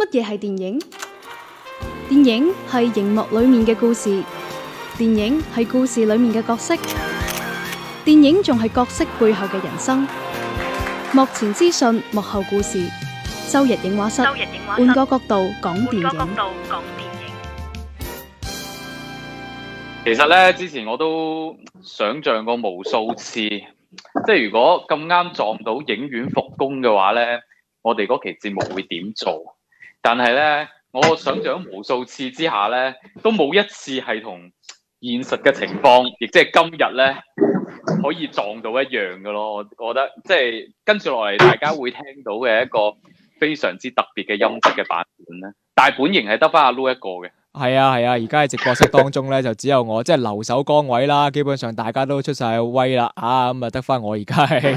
乜嘢係電影？電影係熒幕裏面嘅故事，電影係故事裏面嘅角色，電影仲係角色背後嘅人生。幕前資訊，幕後故事。周日影畫室，換個角度講電影。其實呢，之前我都想象過無數次，即係如果咁啱撞到影院復工嘅話呢，我哋嗰期節目會點做？但係咧，我想象無數次之下咧，都冇一次係同現實嘅情況，亦即係今日咧，可以撞到一樣嘅咯。我覺得即係跟住落嚟，大家會聽到嘅一個非常之特別嘅音質嘅版本咧，大本營係得翻阿 Lu 一個嘅。係啊係啊，而家喺直播室當中咧，就只有我即係留守崗位啦。基本上大家都出晒威啦，啊咁啊得翻我而家喺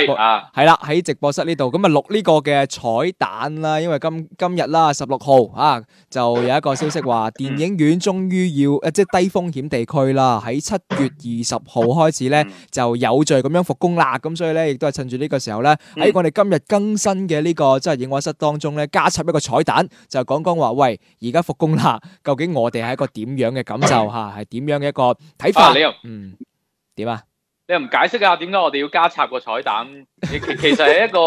直播啊，係啦，喺直播室呢度咁啊錄呢個嘅彩蛋啦。因為今今日啦，十六號啊，就有一個消息話電影院終於要即係低風險地區啦，喺七月二十號開始咧，就有序咁樣復工啦。咁所以咧，亦都係趁住呢個時候咧，喺我哋今日更新嘅呢、這個即係影畫室當中咧加插一個彩蛋，就講講話喂，而家復工啦。究竟我哋係一個點樣嘅感受吓，係點樣嘅一個睇法？嗯，點啊？你又唔解釋啊？點解我哋要加插個彩蛋？其其實係一個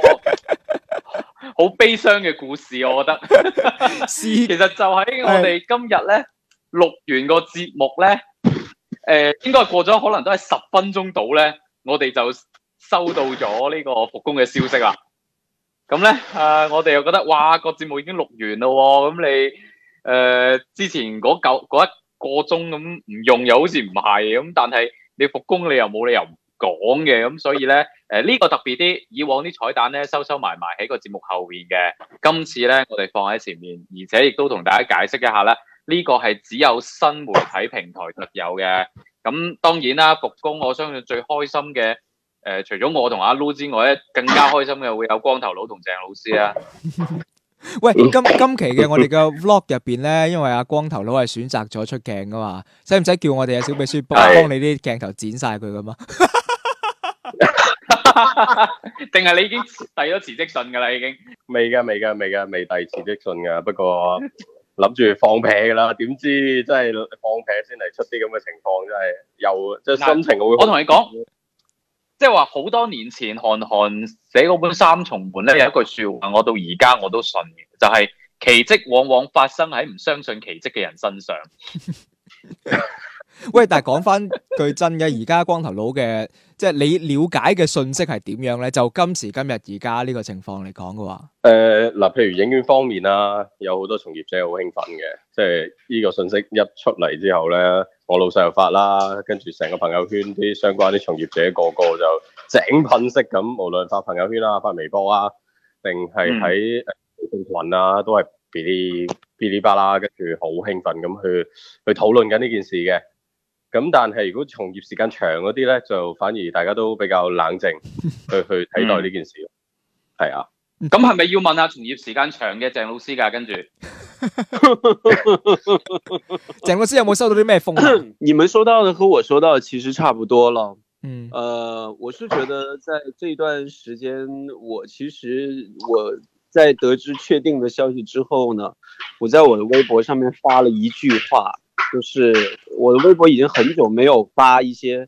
好悲傷嘅故事，我覺得。其實就喺我哋今日咧錄完個節目咧，誒，應該過咗可能都係十分鐘到咧，我哋就收到咗呢個復工嘅消息啦。咁咧，誒，我哋又覺得哇，個節目已經錄完啦，咁你？誒、呃，之前嗰一個鐘咁唔用又好似唔係咁，但係你復工你又冇理由唔講嘅，咁所以咧，誒，呢個特別啲，以往啲彩蛋咧收收埋埋喺個節目後邊嘅，今次咧我哋放喺前面，而且亦都同大家解釋一下咧，呢個係只有新媒體平台特有嘅，咁當然啦，復工我相信最開心嘅誒、呃，除咗我同阿 Lu 之外咧，更加開心嘅會有光頭佬同鄭老師啊。 喂，今今期嘅我哋嘅 Vlog 入邊咧，因為阿光頭佬係選擇咗出鏡噶嘛，使唔使叫我哋啊小秘書幫幫你啲鏡頭剪晒佢噶嘛？定係你已經遞咗辭職信噶啦？已經？未噶，未噶，未噶，未遞辭職信噶，不過諗住放屁噶啦，點知真係放屁先係出啲咁嘅情況，真係又即係心情會我同你講。即係話好多年前韓寒寫嗰本《三重門》咧，有一句說話，我到而家我都信嘅，就係奇蹟往往發生喺唔相信奇蹟嘅人身上。 喂，但係講翻句真嘅，而家光頭佬嘅，即係你了解嘅信息係點樣咧？就今時今日而家呢個情況嚟講嘅話，誒、呃，嗱，譬如影院方面啦，有好多從業者好興奮嘅，即係呢個信息一出嚟之後咧。我老細又發啦，跟住成個朋友圈啲相關啲從業者個個就井噴式咁，無論發朋友圈啦、啊、發微博啊，定係喺群啊，嗯、都係噼哩噼哩啪啦，跟住好興奮咁去去討論緊呢件事嘅。咁但係如果從業時間長嗰啲咧，就反而大家都比較冷靜去 去睇待呢件事，係啊。咁係咪要問下從業時間長嘅鄭老師噶？跟住，鄭老師有冇收到啲咩風？你們收到的和我收到其實差不多囉。嗯，呃 ，uh, 我是覺得在這段時間，我其實我在得知確定的消息之後呢，我在我的微博上面發了一句話，就是我的微博已經很久沒有發一些。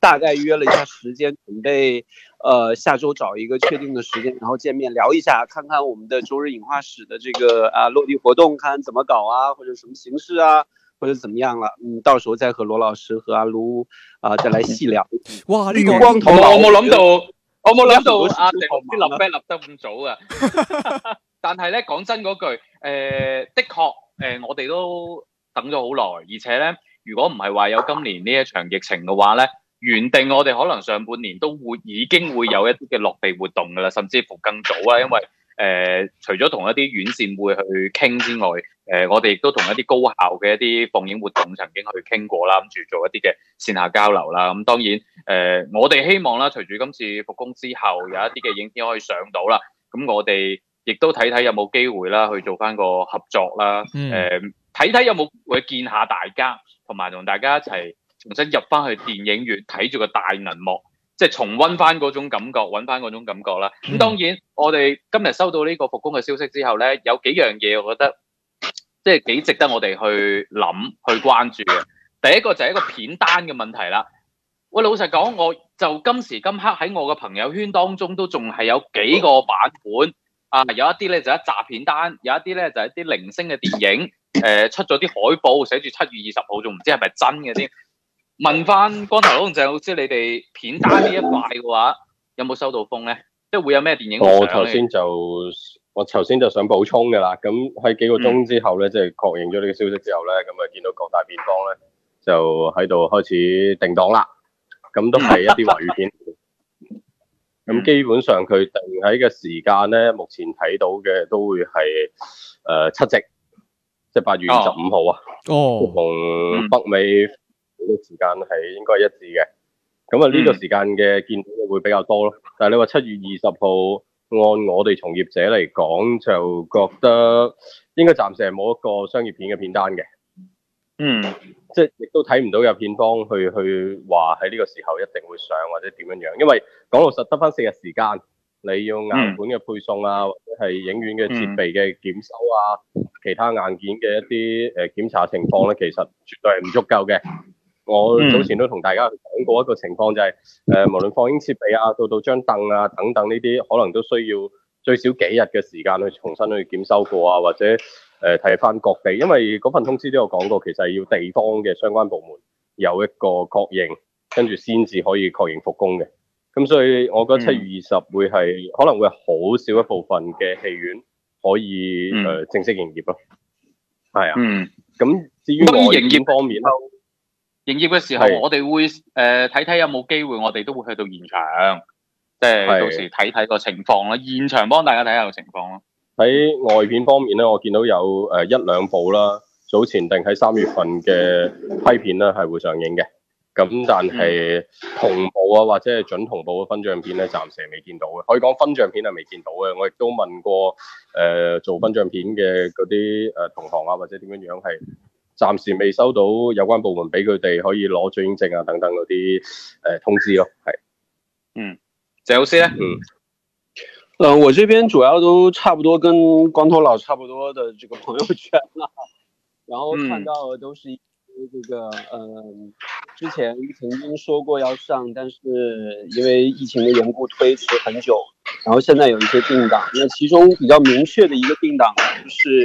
大概約了一下時間，準備，呃，下周找一個確定的時間，然後見面聊一下，看看我們的周日影畫室的這個啊落地活動，看怎麼搞啊，或者什麼形式啊，或者怎麼樣啦。嗯，到時候再和羅老師和阿盧啊再來細聊。哇，呢個光頭我冇諗到，我冇諗到阿靜啲立 flag 立得咁早啊！但係咧，講真嗰句，誒，的確，誒，我哋都等咗好耐，而且咧，如果唔係話有今年呢一場疫情嘅話咧。原定我哋可能上半年都會已經會有一啲嘅落地活動㗎啦，甚至乎更早啊，因為誒、呃、除咗同一啲院線會去傾之外，誒、呃、我哋亦都同一啲高校嘅一啲放映活動曾經去傾過啦，咁、嗯、諗住做一啲嘅線下交流啦。咁、嗯、當然誒、呃，我哋希望啦，隨住今次復工之後，有一啲嘅影片可以上到啦，咁、嗯、我哋亦都睇睇有冇機會啦，去做返個合作啦，誒睇睇有冇會見下大家，同埋同大家一齊，重新入翻去電影院睇住個大銀幕，即係重溫翻嗰種感覺，揾翻嗰種感覺啦。咁當然，我哋今日收到呢個復工嘅消息之後咧，有幾樣嘢我覺得即係幾值得我哋去諗去關注嘅。第一個就係一個片單嘅問題啦。我老實講，我就今時今刻喺我嘅朋友圈當中都仲係有幾個版本啊，有一啲咧就係、一集片單，有一啲咧就係、一啲零星嘅電影，誒、呃、出咗啲海報，寫住七月二十號，仲唔知係咪真嘅添。問翻光頭佬同鄭老師你哋片單呢一塊嘅話，有冇收到風咧？即係會有咩電影上？我頭先就我頭先就想補充噶啦，咁喺幾個鐘之後咧，即係確認咗呢個消息之後咧，咁啊見到各大片方咧就喺度開始定檔啦，咁都係一啲華語片，咁 基本上佢定喺嘅時間咧，目前睇到嘅都會係誒七夕，即係八月二十五號啊哦，哦，同北美、嗯。好多時間係應該一致嘅，咁啊呢個時間嘅見到會比較多咯。嗯、但係你話七月二十號，按我哋從業者嚟講，就覺得應該暫時係冇一個商業片嘅片單嘅。嗯，即係亦都睇唔到有片方去去話喺呢個時候一定會上或者點樣樣，因為講老實，得返四日時間，你要硬盤嘅配送啊，嗯、或者係影院嘅設備嘅檢修啊，嗯、其他硬件嘅一啲誒檢查情況咧，其實絕對係唔足夠嘅。我早前都同大家講過一個情況、就係，就係誒無論放映設備啊，到到張凳啊等等呢啲，可能都需要最少幾日嘅時間去重新去檢修過啊，或者誒睇返各地，因為嗰份通知都有講過，其實要地方嘅相關部門有一個確認，跟住先至可以確認復工嘅。咁所以我覺得七月二十會係、嗯、可能會好少一部分嘅戲院可以誒、嗯呃、正式營業咯。係啊，咁、嗯嗯、至於營業方面。嗯營業嘅時候，是我哋會誒睇睇有冇機會，我哋都會去到現場，即係是到時睇睇個情況咯。現場幫大家睇下個情況咯。喺外片方面咧，我見到有誒一兩部啦，早前定喺三月份嘅批片咧係會上映嘅，咁但係同步啊或者係準同步嘅分賬片咧，暫時未見到嘅。可以講分賬片係未見到嘅。我亦都問過誒、呃、做分賬片嘅嗰啲誒同行啊，或者點樣樣係。暫時未收到有關部門俾佢哋可以攞准證啊等等嗰啲誒通知咯，係。嗯，謝老師咧？嗯。誒、呃，我這邊主要都差不多跟光頭佬差不多的這個朋友圈啦、啊，然後看到都是一些這個，誒、呃，之前曾經說過要上，但是因為疫情的緣故推遲很久，然後現在有一些定檔，那其中比較明確的一個定檔、啊就是。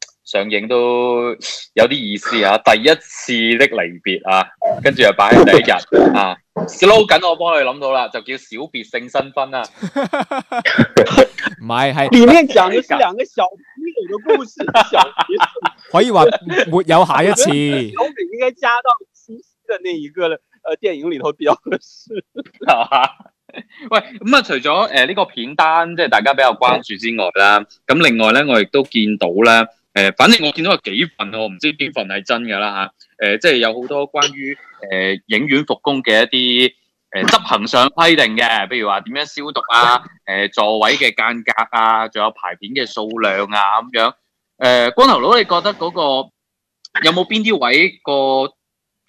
上映都有啲意思啊，第一次的離別啊，跟住又擺喺第一日啊，slogan 我幫你諗到啦，就叫小別勝新婚啊，唔係係裏面講咗兩個小朋友的故事，可以話沒有下一次，小蕊應該加到七夕的那一個，誒電影裏頭比較合適喂，咁啊，除咗誒呢個片單即係大家比較關注之外啦，咁、哎、另外咧我亦都見到啦。呃呃誒，反正我見到有幾份，我唔知邊份係真噶啦吓，誒、呃，即係有好多關於誒、呃、影院復工嘅一啲誒執行上規定嘅，譬如話點樣消毒啊，誒、呃、座位嘅間隔啊，仲有排片嘅數量啊咁樣。誒、呃，光頭佬，你覺得嗰個有冇邊啲位個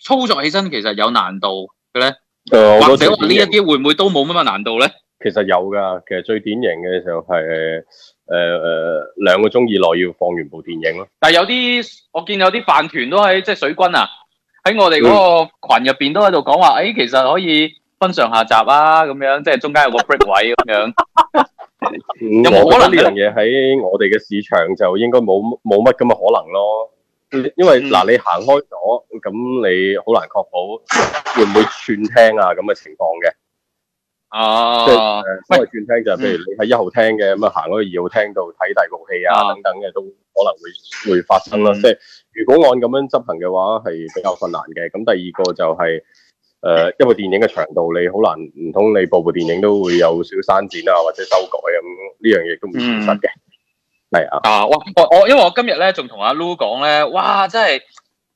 操作起身其實有難度嘅咧？我或者呢一啲會唔會都冇乜乜難度咧？其實有噶，其實最典型嘅就係、是。誒誒，兩、呃、個鐘以內要放完部電影咯。但係有啲，我見有啲飯團都喺即係水軍啊，喺我哋嗰個群入邊都喺度講話，誒、嗯哎，其實可以分上下集啊，咁樣，即係中間有個 break 位咁 這樣。 有冇可能呢樣嘢喺我哋嘅市場就應該冇冇乜咁嘅可能咯？因為嗱、呃，你行開咗，咁你好難確保會唔會串聽啊咁嘅情況嘅。啊，即係誒，不過轉廳就係、是，嗯、譬如你喺一號廳嘅，咁啊行嗰個二號廳度睇大部戲啊，等等嘅都可能會會發生咯。嗯、即係如果按咁樣執行嘅話，係比較困難嘅。咁第二個就係、是、誒，一部電影嘅長度，你好難唔通你部部電影都會有少少刪剪啊，或者修改啊，咁呢樣嘢都唔現實嘅。係啊，啊，我我我，因為我今日咧仲同阿 Lu 講咧，哇，真係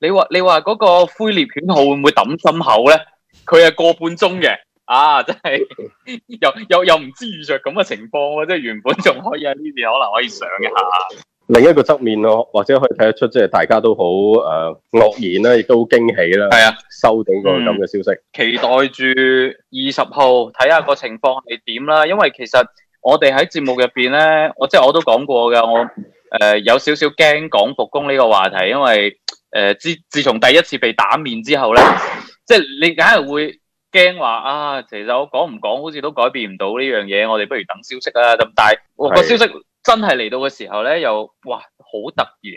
你話你話嗰個灰獵犬號會唔會抌心口咧？佢係個半鐘嘅。啊，真係又又又唔知遇着咁嘅情況喎！即係原本仲可以喺呢邊可能可以上一下。另一個側面咯，或者可以睇得出，即係大家都好誒愕然啦，亦都驚喜啦。係啊，收到個咁嘅消息。嗯、期待住二十號睇下個情況係點啦。因為其實我哋喺節目入邊咧，我即係我都講過噶，我誒、呃、有少少驚講復工呢個話題，因為誒、呃、自自從第一次被打面之後咧，即係你梗係會。驚話啊！其實我講唔講，好似都改變唔到呢樣嘢。我哋不如等消息啦。咁但係個消息真係嚟到嘅時候咧，又哇好突然。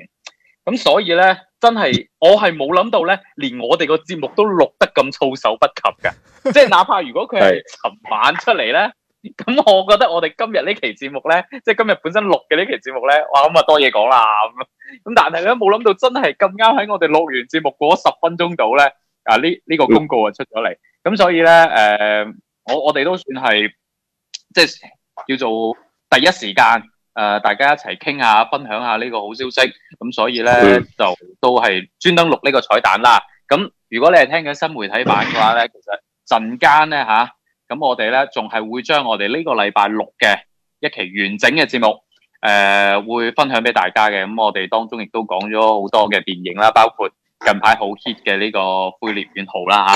咁所以咧，真係我係冇諗到咧，連我哋個節目都錄得咁措手不及㗎。 即係哪怕如果佢係尋晚出嚟咧，咁 我覺得我哋今日呢期節目咧，即係今日本身錄嘅呢期節目咧，哇咁啊多嘢講啦咁。咁但係咧冇諗到真係咁啱喺我哋錄完節目過咗十分鐘度咧，啊呢呢、呢個公告就出咗嚟。咁所以咧，誒、呃，我我哋都算係即係叫做第一時間，誒、呃，大家一齊傾下、分享下呢個好消息。咁所以咧，嗯、就都係專登錄呢個彩蛋啦。咁如果你係聽緊新媒體版嘅話咧，其實陣間咧嚇，咁、啊、我哋咧仲係會將我哋呢個禮拜六嘅一期完整嘅節目，誒、呃，會分享俾大家嘅。咁我哋當中亦都講咗好多嘅電影啦，包括，近排好 hit 嘅呢個灰獵犬號啦吓，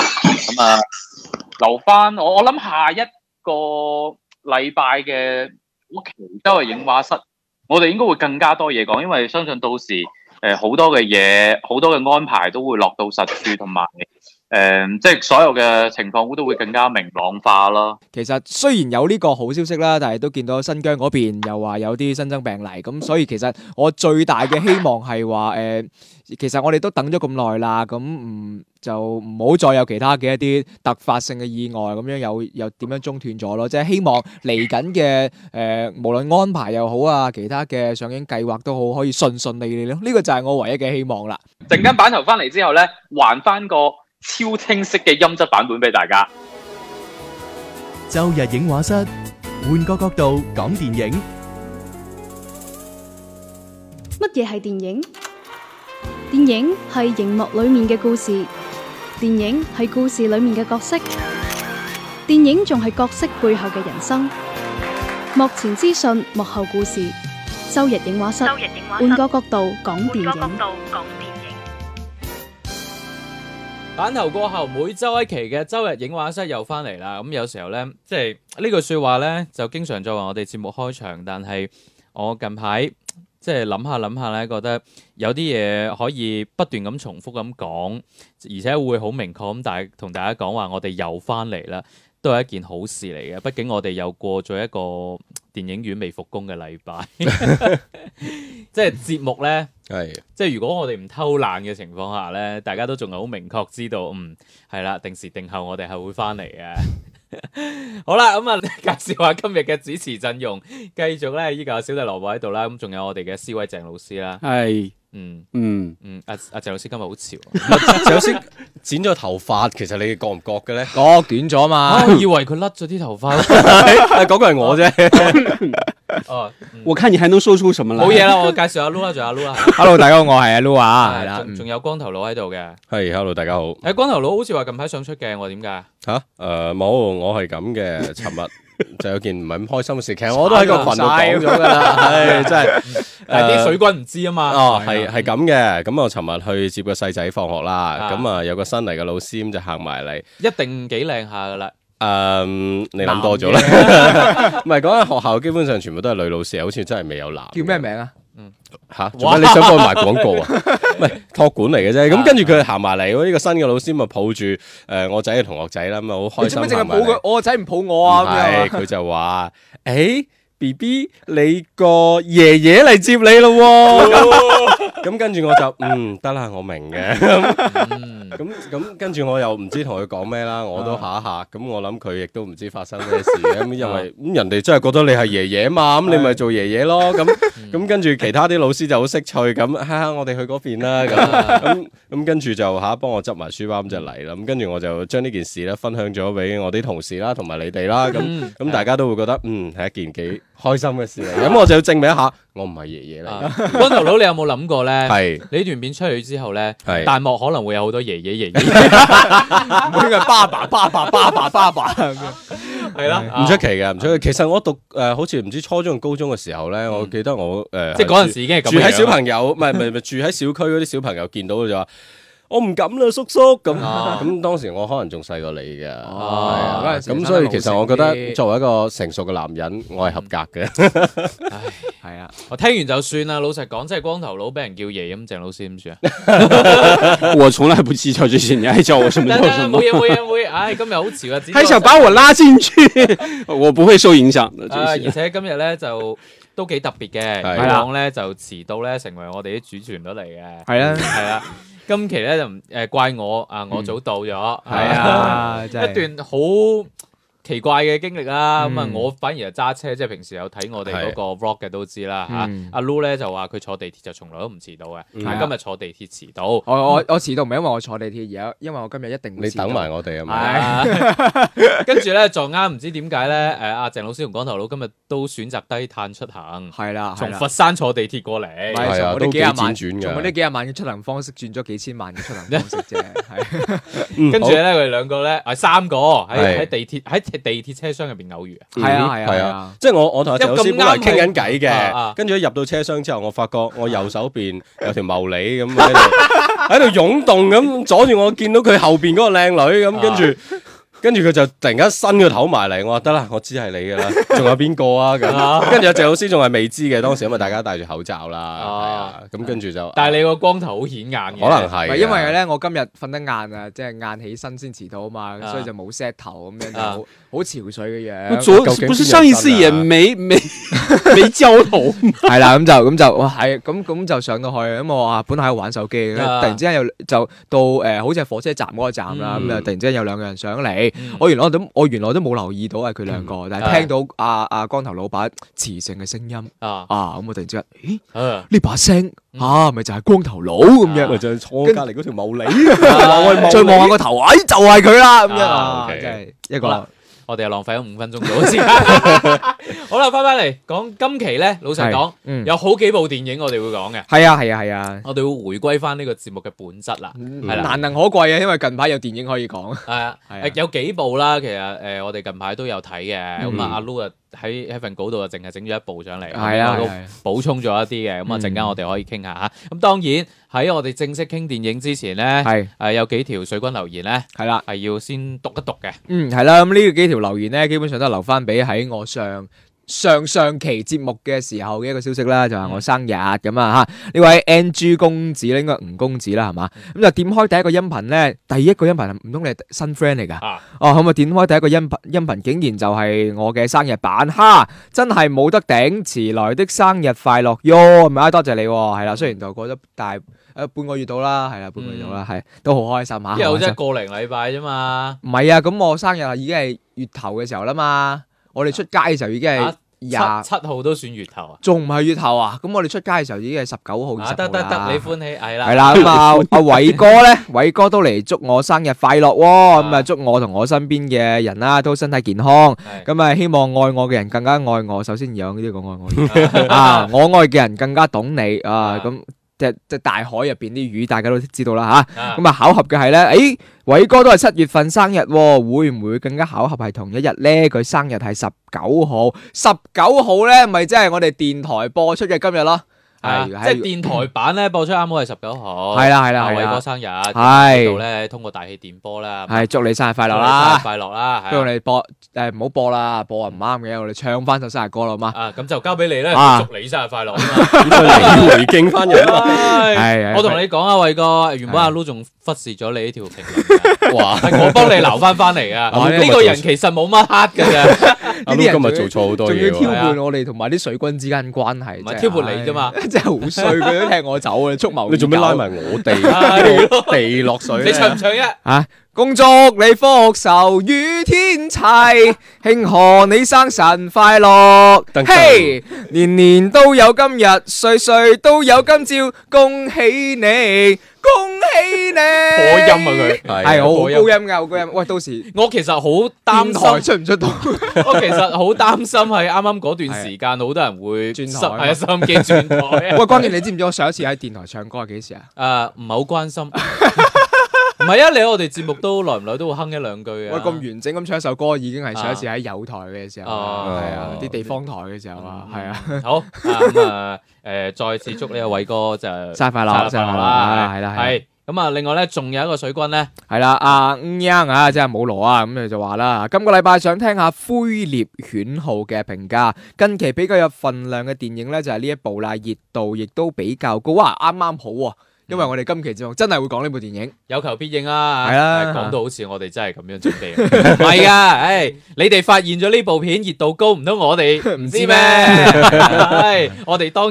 咁啊留翻我我諗下一個禮拜嘅我奇都係影畫室，我哋應該會更加多嘢講，因為相信到時誒好、呃、多嘅嘢，好多嘅安排都會落到實處，同埋。誒，即係所有嘅情況都都會更加明朗化咯。其實雖然有呢個好消息啦，但係都見到新疆嗰邊又話有啲新增病例咁，所以其實我最大嘅希望係話誒，其實我哋都等咗咁耐啦，咁唔就唔好再有其他嘅一啲突發性嘅意外咁樣，又又點樣中斷咗咯？即係希望嚟緊嘅誒，無論安排又好啊，其他嘅上映計劃都好，可以順順利利咯。呢個就係我唯一嘅希望啦。陣間板頭翻嚟之後咧，還翻個。超清晰嘅音質版本俾大家。周日影畫室，換個角度講電影。乜嘢係電影？電影係熒幕裏面嘅故事，電影係故事裏面嘅角色，電影仲係角色背後嘅人生。幕前資訊，幕後故事。周日影畫室，換個角度講電影。版頭過後，每周一期嘅周日影畫室又翻嚟啦。咁有時候呢，即係呢句說話呢，就經常作為我哋節目開場。但係我近排即係諗下諗下呢，覺得有啲嘢可以不斷咁重複咁講，而且會好明確咁，大同大家講話我哋又翻嚟啦。都係一件好事嚟嘅，畢竟我哋又過咗一個電影院未復工嘅禮拜， 即係節目呢。 即係如果我哋唔偷懶嘅情況下呢，大家都仲係好明確知道，嗯，係啦，定時定候我哋係會返嚟嘅。 好啦，咁啊，介紹下今日嘅主持陣容，繼續呢，依、這個小弟蘿蔔喺度啦，咁仲有我哋嘅思威鄭老師啦，係。 嗯嗯嗯，阿阿鄭老師今日好潮，鄭老師剪咗頭髮，其實你覺唔覺嘅咧？覺短咗啊嘛，以為佢甩咗啲頭髮，嗰個係我啫。哦，我看你還能說出什麼嚟？冇嘢啦，我介紹阿 Lu 啊，仲阿 Lu 啊。Hello，大家好，我係阿 Lu 啊，係啦，仲有光頭佬喺度嘅。係，Hello，大家好。誒，光頭佬好似話近排想出鏡喎，點解？吓，誒，冇，我係咁嘅，沉默。 就有件唔係咁開心嘅事，其實 我都喺個群度講咗噶啦。唉， 真係，誒、 呃，啲水軍唔知啊嘛。哦，係係咁嘅。咁我尋日去接個細仔放學啦。咁啊，有個新嚟嘅老師咁就行埋嚟，一定幾靚下噶啦。誒、嗯，你諗多咗啦。唔係的，嗰間 學校基本上全部都係女老師，好似真係未有男。叫咩名啊？吓，做咩你想幫埋賣廣告啊？唔係托管嚟嘅啫，咁跟住佢行埋嚟，呢、這個新嘅老師咪抱住誒、呃、我仔嘅同學仔啦，咁啊好開心咁樣。點解抱佢？我個仔唔抱我啊？唔係，佢就話誒。 欸 BB，你個爺爺嚟接你咯，哦，咁跟住我就嗯得啦，我明嘅，咁咁跟住我又唔知同佢講咩啦，我都吓一吓，咁我諗佢亦都唔知發生咩事，咁因為，啊、人哋真係覺得你係爺爺嘛，咁你咪做爺爺咯，咁、嗯、咁、嗯嗯嗯嗯、跟住其他啲老師就好識趣，咁、嗯、吓我哋去嗰邊啦，咁咁咁跟住就吓幫我執埋書包，咁就嚟啦，咁跟住我就將呢件事咧分享咗俾我啲同事啦，同埋你哋啦，咁咁大家都會覺得嗯係一件幾。開心嘅事，嚟。咁我就要證明一下，我唔係爺爺啦。光頭佬，你有冇諗過咧？係呢段片出去之後咧，彈幕可能會有好多爺爺爺爺，唔會係爸爸爸爸爸爸爸爸，係啦，唔出奇嘅，唔出奇。其實我讀誒，好似唔知初中同高中嘅時候咧，我記得我誒，即係嗰陣時已經係咁住喺小朋友，唔係唔係住喺小區嗰啲小朋友見到就話。我唔敢啦，叔叔咁咁。當時我可能仲細過你嘅，咁所以其實我覺得作為一個成熟嘅男人，我係合格嘅。係啊，我聽完就算啦。老實講，即係光頭佬俾人叫爺咁，鄭老師點算啊？我從來不計較這些，你愛叫我什麼冇嘢，冇嘢。唉，今日好遲啊！還想把我拉進去，我不會受影響。啊，而且今日咧就都幾特別嘅，以往咧就遲到咧成為我哋啲主持人都嚟嘅。係啦，係啦。今期咧就唔誒怪我啊，嗯、我早到咗，係啊， 啊 一段好奇怪嘅經歷啦，咁啊我反而就揸車，即係平時有睇我哋嗰個 Vlog 嘅都知啦嚇。阿 Lu 咧就話佢坐地鐵就從來都唔遲到嘅，今日坐地鐵遲到。我我我遲到唔係因為我坐地鐵，而係因為我今日一定會遲到。你等埋我哋啊嘛。跟住咧撞啱唔知點解咧，誒阿鄭老師同光頭佬今日都選擇低碳出行，係啦，從佛山坐地鐵過嚟，我哋啲幾廿萬，從我啲幾廿萬嘅出行方式轉咗幾千萬嘅出行方式啫。跟住咧佢哋兩個咧，係三個喺地鐵喺。地鐵車廂入邊偶遇，係啊係啊，啊即係我我同阿陳老師本來傾緊偈嘅，啊、跟住一入到車廂之後，我發覺我右手邊有條茂利，咁喺度喺度湧動咁，阻住我見到佢後邊嗰個靚女咁，跟住。 跟住佢就突然間伸個頭埋嚟，我話得啦，我知係你噶啦，仲有邊個啊？咁 跟住阿鄭老師仲係未知嘅，當時因為大家戴住口罩啦，咁、 哦啊、跟住就但係你個光頭好顯眼嘅，可能係，因為咧我今日瞓得晏啊，即係晏起身先遲到啊嘛，所以就冇 set 頭咁樣，好潮水嘅嘢。昨不是上一次也沒沒係啦，咁就咁就係咁咁就上到去咁我啊本喺度玩手機，跟、啊、突然之間有就，就到誒好似係火車站嗰個站啦，咁又突然之間有兩個人上嚟。我原來都我原來都冇留意到係佢兩個，但係聽到阿阿光頭老闆磁性嘅聲音啊，啊，咁我突然之間，咦，呢把聲吓，咪就係光頭佬咁樣，咪就坐我隔籬嗰條茂利，再望下個頭，哎，就係佢啦，咁樣，一個。我哋又浪費咗五分鐘咗先， 好啦，翻返嚟講今期咧，老實講，嗯、有好幾部電影我哋會講嘅，係啊，係啊，係啊，我哋會回歸翻呢個節目嘅本質啦，係啦、嗯，嗯啊、難能可貴啊，因為近排有電影可以講，係啊，係、啊啊、有幾部啦，其實誒、呃，我哋近排都有睇嘅，咁啊阿 Lucy 喺喺份稿度就淨係整咗一部上嚟，係啊，補充咗一啲嘅，咁啊的，陣間我哋可以傾下嚇。咁、嗯、當然喺我哋正式傾電影之前呢，係誒的、呃、有幾條水軍留言呢，係啦的，係要先讀一讀嘅。嗯，係啦，咁呢幾條留言呢，基本上都留翻俾喺我上，上上期節目嘅時候嘅一個消息啦，就係我生日咁啊，哈！呢位 NG 公子咧，應該吳公子啦，係嘛？咁就點開第一個音頻咧，第一個音頻唔通你係新 friend 嚟噶？哦，咁啊，咁就點開第一個音頻音頻，竟然就係我嘅生日版，哈、啊！真係冇得頂，遲來的生日快樂喲！唔該，多謝你啊，係啦。雖然就過咗大半個月到啦，係啦，半個月到啦，係、嗯、都好開心啊！因為真係過零禮拜啫嘛。唔係啊，咁我生日已經係月頭嘅時候啦嘛。我哋出街嘅時候已經係廿七,七號都算月頭啊，仲唔係月頭啊？咁我哋出街嘅時候已經係十九號得得、啊、得，得你歡喜係啦，係啦咁啊，阿偉哥咧，偉哥都嚟祝我生日快樂、哦，咁啊、嗯、祝我同我身邊嘅人啦、啊、都身體健康，咁啊、嗯、希望愛我嘅人更加愛我，首先有呢啲講愛我嘅人啊， 我愛嘅人更加懂你啊咁。嗯嗯 即即大海入邊啲魚，大家都知道啦吓。咁啊，巧合嘅係咧，誒、欸，偉哥都係七月份生日、啊，會唔會更加巧合係同一日咧？佢生日係十九號，十九號咧，咪即係我哋電台播出嘅今日咯。即係電臺版咧，播出啱好係十九號，係啦係啦，偉哥生日，係度咧通過大氣電波啦，係祝你生日快樂啦，生日快樂啦，不如你播誒唔好播啦，播啊唔啱嘅，我哋唱翻首生日歌啦好嘛？啊，咁就交俾你咧，祝你生日快樂啊！回敬翻又係，我同你講啊，偉哥原本阿 Lu 仲忽視咗你呢條評論，哇，係我幫你留翻翻嚟啊！呢個人其實冇乜黑嘅。阿叔今日做錯好多嘢，仲要挑撥我哋同埋啲水軍之間關係，咪挑撥你啫嘛，真係好衰，佢都踢我走啊，蓄謀。你做咩拉埋我哋地落水？你唱唔唱一啊？恭祝你福壽與天齊，慶賀你生辰快樂，嘿，年年都有今日，歲歲都有今朝，恭喜你。恭喜你！高音啊佢，係我好高音噶，好高，高，高音。喂，到時出出我其實好擔心出唔出到！ 我其實好擔心係啱啱嗰段時間好的多人會轉台，心機轉台。喂，關鍵你知唔知我上一次喺電台唱歌係幾時啊？誒、呃，唔係好關心。 唔係啊！你喺我哋節目都耐唔耐都會哼一兩句嘅。喂，咁完整咁唱一首歌已經係上一次喺友台嘅時候，係啊，啲地方台嘅時候啊，係啊。好咁啊，誒，再次祝呢位偉哥就生日快樂啦！係啦，係。咁啊，另外咧，仲有一個水軍咧，係啦，阿五央啊，即係冇羅啊，咁佢就話啦，今個禮拜想聽下《灰獵犬號》嘅評價。近期比較有份量嘅電影咧，就係呢一部啦，熱度亦都比較高啊，啱啱好喎。因為我哋今期節目真係會講呢部電影，有求必應啊。係啦、啊，講到好似我哋真係咁樣準備，唔係噶，誒、哎，你哋發現咗呢部片熱度高，唔通我哋 道，唔知咩？係我哋當然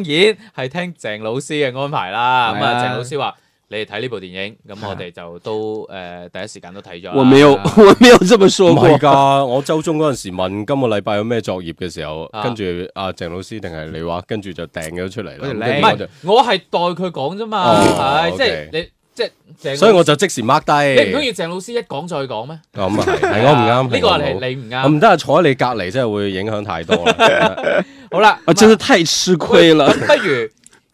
係聽鄭老師嘅安排啦，咁啊，鄭、嗯、老師話。你哋睇呢部電影，咁我哋就都誒第一時間都睇咗。我沒有我沒有這麼說過。唔係噶，我周中嗰陣時問今個禮拜有咩作業嘅時候，跟住阿鄭老師定係你話，跟住就訂咗出嚟啦。唔係，我係代佢講啫嘛，係即係你即係鄭。所以我就即時 mark 低。你唔通要鄭老師一講再講咩？咁啊，係我唔啱。呢個你你唔啱。唔得啊，坐喺你隔籬真係會影響太多啦。好啦，我真係太吃虧啦。不如。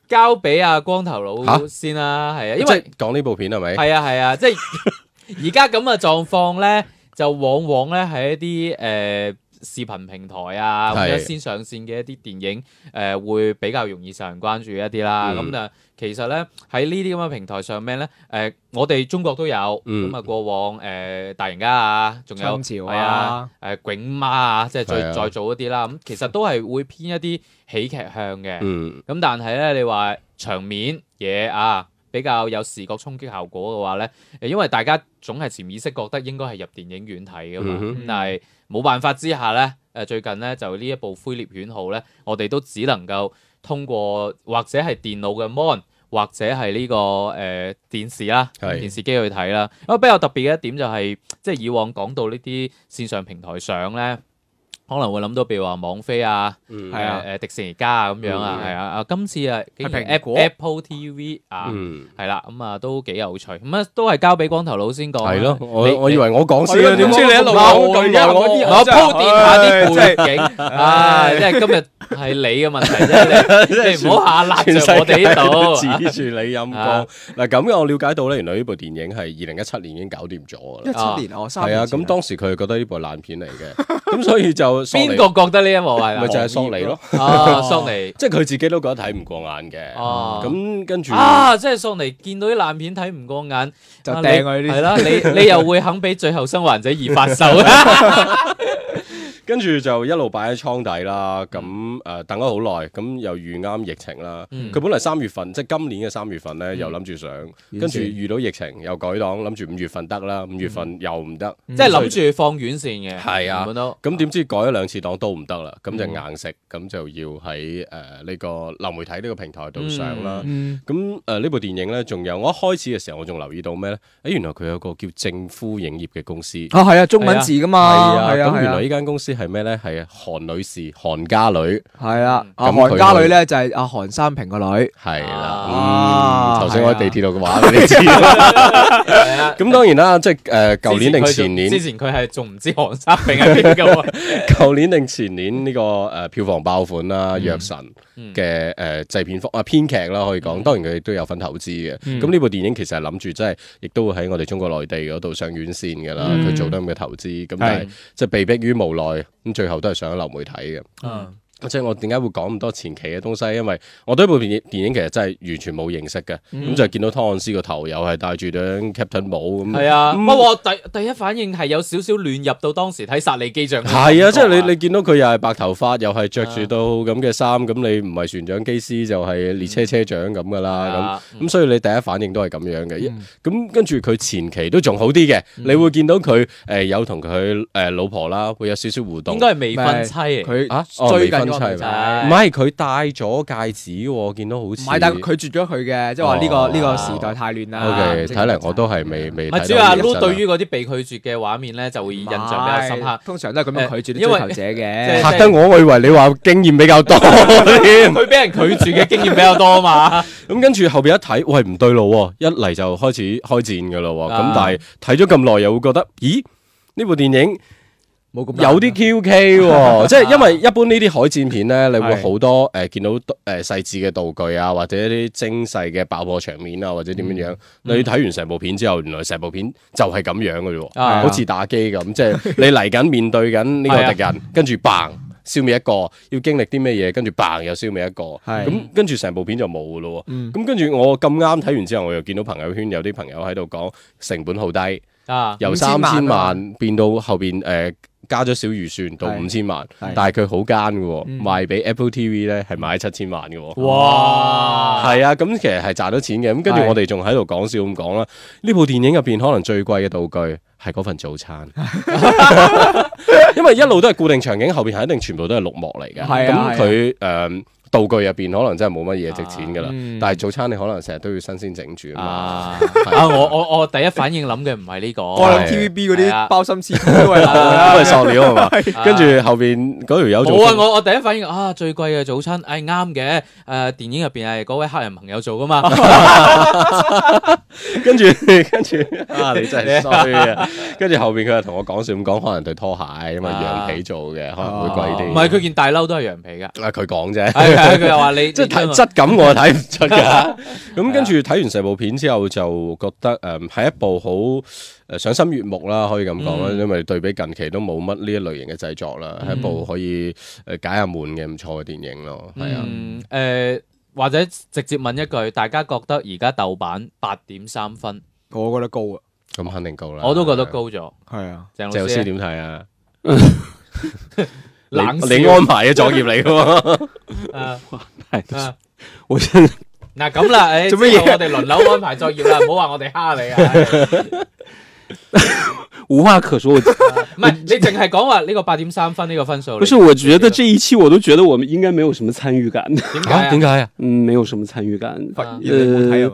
交俾阿光頭佬先啦。係啊，啊啊因為講呢部片係咪？係啊係啊，啊啊 即係而家咁嘅狀況咧，就往往咧係一啲誒、呃、視頻平台啊或者先上線嘅一啲電影誒、呃，會比較容易受人關注一啲啦，咁啊、嗯。其實咧喺呢啲咁嘅平台上面咧，誒、呃，我哋中國都有咁啊、嗯嗯，過往誒、呃、大人家啊，仲有係啊，誒囧、哎呃、媽啊，即係再再早一啲啦。咁其實都係會偏一啲喜劇向嘅。咁、嗯、但係咧，你話場面嘢啊，比較有視覺衝擊效果嘅話咧，因為大家總係潛意識覺得應該係入電影院睇㗎嘛。咁、嗯、哼但係冇辦法之下咧，誒最近咧就呢一部灰獵犬號咧，我哋都只能夠。通過或者係電腦嘅 mon，或者係呢、這個誒、呃、電視啦，電視機去睇啦。咁啊是的 比較特別嘅一點就係、是、即係以往講到呢啲線上平台上咧。可能會諗到，譬如話網飛啊，誒誒迪士尼家啊咁樣啊，係啊，今次啊竟然 Apple Apple TV 啊，係啦，咁啊都幾有趣，咁啊都係交俾光頭佬先講。係咯，我我以為我講先啦，點知你一路攔住我，我鋪墊下啲背景，啊，因為今日係你嘅問題啫，你唔好下辣住我哋呢度，指住你陰公。嗱咁我了解到咧，原來呢部電影係二零一七年已經搞掂咗啦。一七年啊，我三係啊，咁當時佢係覺得呢部係爛片嚟嘅，咁所以就。邊個覺得呢一幕係咪就係索尼咯？ 啊、索尼， 即係佢自己都覺得睇唔過眼嘅。哦、啊，咁跟住啊，即係索尼見到啲爛片睇唔過眼，就掟佢啲。係、啊、 啦，你你又會肯俾最後生還者而發售？ 跟住就一路擺喺倉底啦，咁誒等咗好耐，咁又遇啱疫情啦。佢本嚟三月份，即係今年嘅三月份咧，又諗住上，跟住遇到疫情又改檔，諗住五月份得啦，五月份又唔得，即係諗住放軟線嘅。係啊，咁點知改咗兩次檔都唔得啦，咁就硬食，咁就要喺誒呢個流媒體呢個平台度上啦。咁誒呢部電影咧，仲有我一開始嘅時候，我仲留意到咩咧？誒原來佢有個叫政府影業嘅公司啊，係啊，中文字噶嘛，係啊，咁原來呢間公司。係咩咧？係韓女士，韓家女係啦。阿韓家女咧就係阿韓三平個女，係啦。頭先我喺地鐵度嘅話，你知啦，係啊。咁當然啦，即係誒，舊年定前年？之前佢係仲唔知韓三平係邊個啊？舊年定前年呢個誒票房爆款啦，《藥神》嘅誒製片方啊編劇啦可以講，當然佢亦都有份投資嘅。咁呢部電影其實諗住即係亦都會喺我哋中國內地嗰度上院線嘅啦。佢做得咁嘅投資，咁但係即係被逼於無奈。咁最後都係上咗流媒體嘅。即係我點解會講咁多前期嘅東西？因為我對一部電影電影其實真係完全冇認識嘅，咁就見到湯漢斯個頭又係戴住對 Captain 帽咁。係啊，唔係喎，第第一反應係有少少亂入到當時睇薩利機長。係啊，即係你你見到佢又係白頭髮，又係着住到咁嘅衫，咁你唔係船長機師就係列車車長咁㗎啦。咁咁所以你第一反應都係咁樣嘅。咁跟住佢前期都仲好啲嘅，你會見到佢誒有同佢誒老婆啦，會有少少互動。應該係未婚妻。佢最近。唔係，佢戴咗戒指喎，見到好似。唔係，但係拒絕咗佢嘅，即係話呢個呢個時代太亂啦。O K，睇嚟我都係未未。主要阿 Loo 對於嗰啲被拒絕嘅畫面咧，就會印象比較深刻。通常都係咁樣拒絕啲追求者嘅，嚇得我以為你話經驗比較多添。佢俾人拒絕嘅經驗比較多嘛。咁跟住後邊一睇，喂唔對路喎，一嚟就開始開戰嘅啦喎。咁但係睇咗咁耐，又會覺得咦呢部電影？有啲 QK 喎，即係因為一般呢啲海戰片咧，你會好多誒見到誒細緻嘅道具啊，或者一啲精細嘅爆破場面啊，或者點樣樣。你睇完成部片之後，原來成部片就係咁樣嘅啫，好似打機咁。即係你嚟緊面對緊呢個敵人，跟住 bang 消滅一個，要經歷啲咩嘢，跟住 bang 又消滅一個。係咁，跟住成部片就冇咯。咁跟住我咁啱睇完之後，我又見到朋友圈有啲朋友喺度講成本好低。由三千萬變到後邊誒，加咗小預算到五千萬，但係佢好奸嘅，賣俾 Apple TV 咧係買七千萬嘅。哇！係啊，咁其實係賺到錢嘅。咁跟住我哋仲喺度講笑咁講啦。呢部電影入邊可能最貴嘅道具係嗰份早餐，因為一路都係固定場景，後邊係一定全部都係綠幕嚟嘅。係咁佢誒。道具入邊可能真係冇乜嘢值錢噶啦，但係早餐你可能成日都要新鮮整住啊嘛！我我我第一反應諗嘅唔係呢個，我諗 TVB 嗰啲包心絲都係塑料啊嘛，跟住後邊嗰條友做。冇我我第一反應啊最貴嘅早餐，哎啱嘅，誒電影入邊係嗰位黑人朋友做噶嘛，跟住跟住啊你真係衰啊！跟住後邊佢又同我講笑咁講，可能對拖鞋因為羊皮做嘅，可能會貴啲。唔係佢件大褸都係羊皮噶。嗱，佢講啫。佢又話你即係睇質感我，我係睇唔出噶。咁跟住睇完成部片之後，就覺得誒係、嗯、一部好誒賞心悅目啦，可以咁講啦。嗯、因為對比近期都冇乜呢一類型嘅製作啦，係、嗯、一部可以誒、呃、解下悶嘅唔錯嘅電影咯。係啊，誒、嗯呃、或者直接問一句，大家覺得而家豆瓣八點三分，我覺得高啊，咁肯定高啦。我都覺得高咗，係啊的。鄭的老師點睇啊？ 冷，你安排嘅作業嚟嘅，係，我嗱咁啦，誒，做咩要我哋輪流安排作業啦，唔好話我哋蝦你啊，無話可說，我唔係，你淨係講話呢個八點三分呢個分數，不是，我覺得這一期我都覺得我們應該沒有什麼參與感，點解啊，嗯，沒有什麼參與感，誒。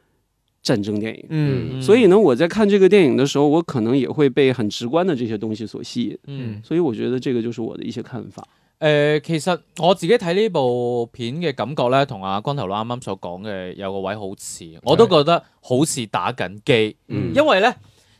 戰爭電影，嗯、所以呢，我在看這個電影的時候，我可能也會被很直觀的這些東西所吸引。嗯、所以我覺得這個就是我的一些看法。誒、呃，其實我自己睇呢部片嘅感覺咧，同阿、啊、光頭佬啱啱所講嘅有個位好似，我都覺得好似打緊機。是因為咧，誒、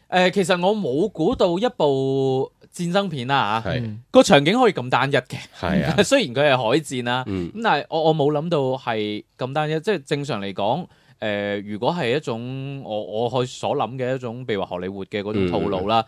呃，其實我冇估到一部戰爭片啦、啊，吓是、嗯、個場景可以咁單一嘅。係啊，雖然佢係海戰啦、啊，咁、嗯、但係我我冇諗到係咁單一，即係正常嚟講。誒、呃，如果係一種我我去所諗嘅一種，譬如話荷里活嘅嗰種套路啦，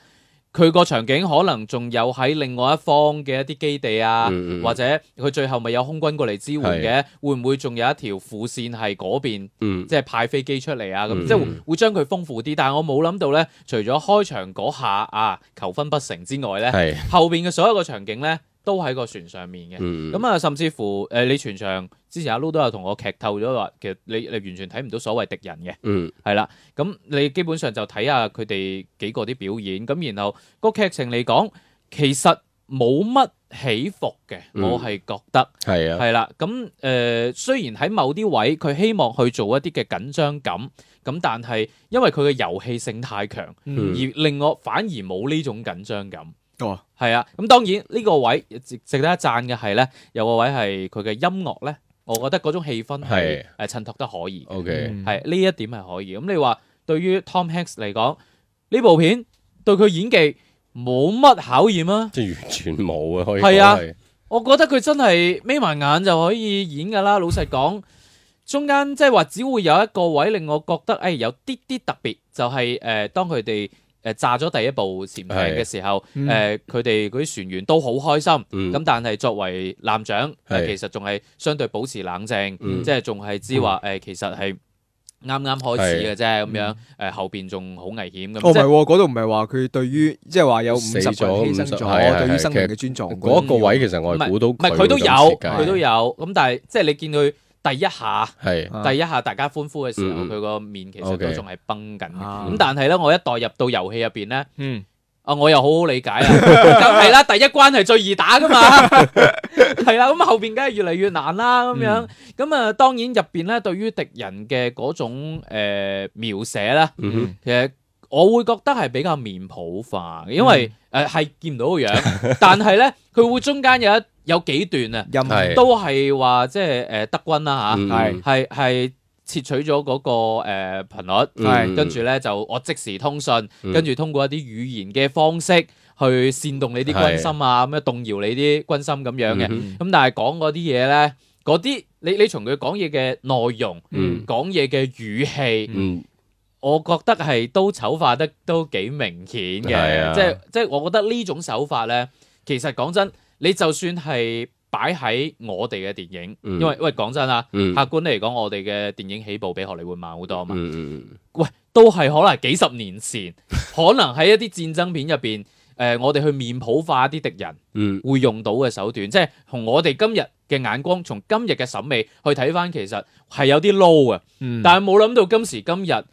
佢、嗯、個場景可能仲有喺另外一方嘅一啲基地啊，嗯、或者佢最後咪有空軍過嚟支援嘅，是會唔會仲有一條副線係嗰邊，嗯、即係派飛機出嚟啊？咁、嗯、即係會會將佢豐富啲。但係我冇諗到呢，除咗開場嗰下啊求婚不成之外呢，是後邊嘅所有嘅場景呢，都喺個船上面嘅，咁啊、嗯，甚至乎誒、呃，你全場之前阿 Lu 都有同我劇透咗話，其實你你完全睇唔到所謂敵人嘅，係啦、嗯，咁你基本上就睇下佢哋幾個啲表演，咁然後、那個劇情嚟講，其實冇乜起伏嘅，我係覺得係啊，係啦、嗯，咁誒、呃，雖然喺某啲位佢希望去做一啲嘅緊張感，咁但係因為佢嘅遊戲性太強，嗯、而令我反而冇呢種緊張感。哦，係啊，咁、嗯、當然呢個位值得一讚嘅係呢，有個位係佢嘅音樂呢。我覺得嗰種氣氛係誒襯托得可以，OK，係呢、嗯、一點係可以。咁、嗯、你話對於 Tom Hanks 嚟講呢部片對佢演技冇乜考驗啊？即係完全冇啊，可以係啊，我覺得佢真係眯埋眼就可以演噶啦。老實講，中間即係話只會有一個位令我覺得誒、哎、有啲啲特別，就係、是、誒、呃、當佢哋。誒炸咗第一部潛艇嘅時候，誒佢哋嗰啲船員都好開心，咁但係作為艦長，其實仲係相對保持冷靜，即係仲係知話誒，其實係啱啱開始嘅啫，咁樣誒後邊仲好危險咁。哦，唔係，嗰度唔係話佢對於即係話有五十人犧牲咗，對於生命嘅尊重嗰個位，其實我係估到，唔係佢都有，佢都有，咁但係即係你見佢。第一下，係是第一下，大家歡呼嘅時候，佢個面其實都仲係繃緊嘅。咁、嗯、但係咧，我一代入到遊戲入邊咧，嗯、啊，我又好好理解啊。就係啦， 第一關係最易打噶嘛，係啦。 咁、嗯、後邊梗係越嚟越難啦。咁樣咁啊、嗯，當然入邊咧，對於敵人嘅嗰種誒、呃、描寫咧、嗯嗯，其實。我會覺得係比較面譜化，因為誒係見唔到個樣，但係咧佢會中間有一有幾段 係啊，都係話即係誒德軍啦吓，係係係竊取咗嗰、嗰個誒、呃、頻率，是跟住咧就我即時通訊，跟住通過一啲語言嘅方式去煽動你啲軍心啊，咁樣動搖你啲軍心咁樣嘅，咁、嗯、是但係講嗰啲嘢咧，嗰啲你你從佢講嘢嘅內容，嗯嗯、講嘢嘅語氣。嗯嗯我覺得係都醜化得都幾明顯嘅對、啊，即係即係我覺得呢種手法呢，其實講真，你就算係擺喺我哋嘅電影，因為喂講真啊，嗯、客觀嚟講，我哋嘅電影起步比荷里活慢好多啊嘛，喂、嗯，都係可能幾十年前，可能喺一啲戰爭片入邊、 呃，我哋去面譜化一啲敵人，會用到嘅手段，即係同我哋今日嘅眼光，從今日嘅審美去睇翻，其實係有啲 low 啊。嗯、但係冇諗到今時今日。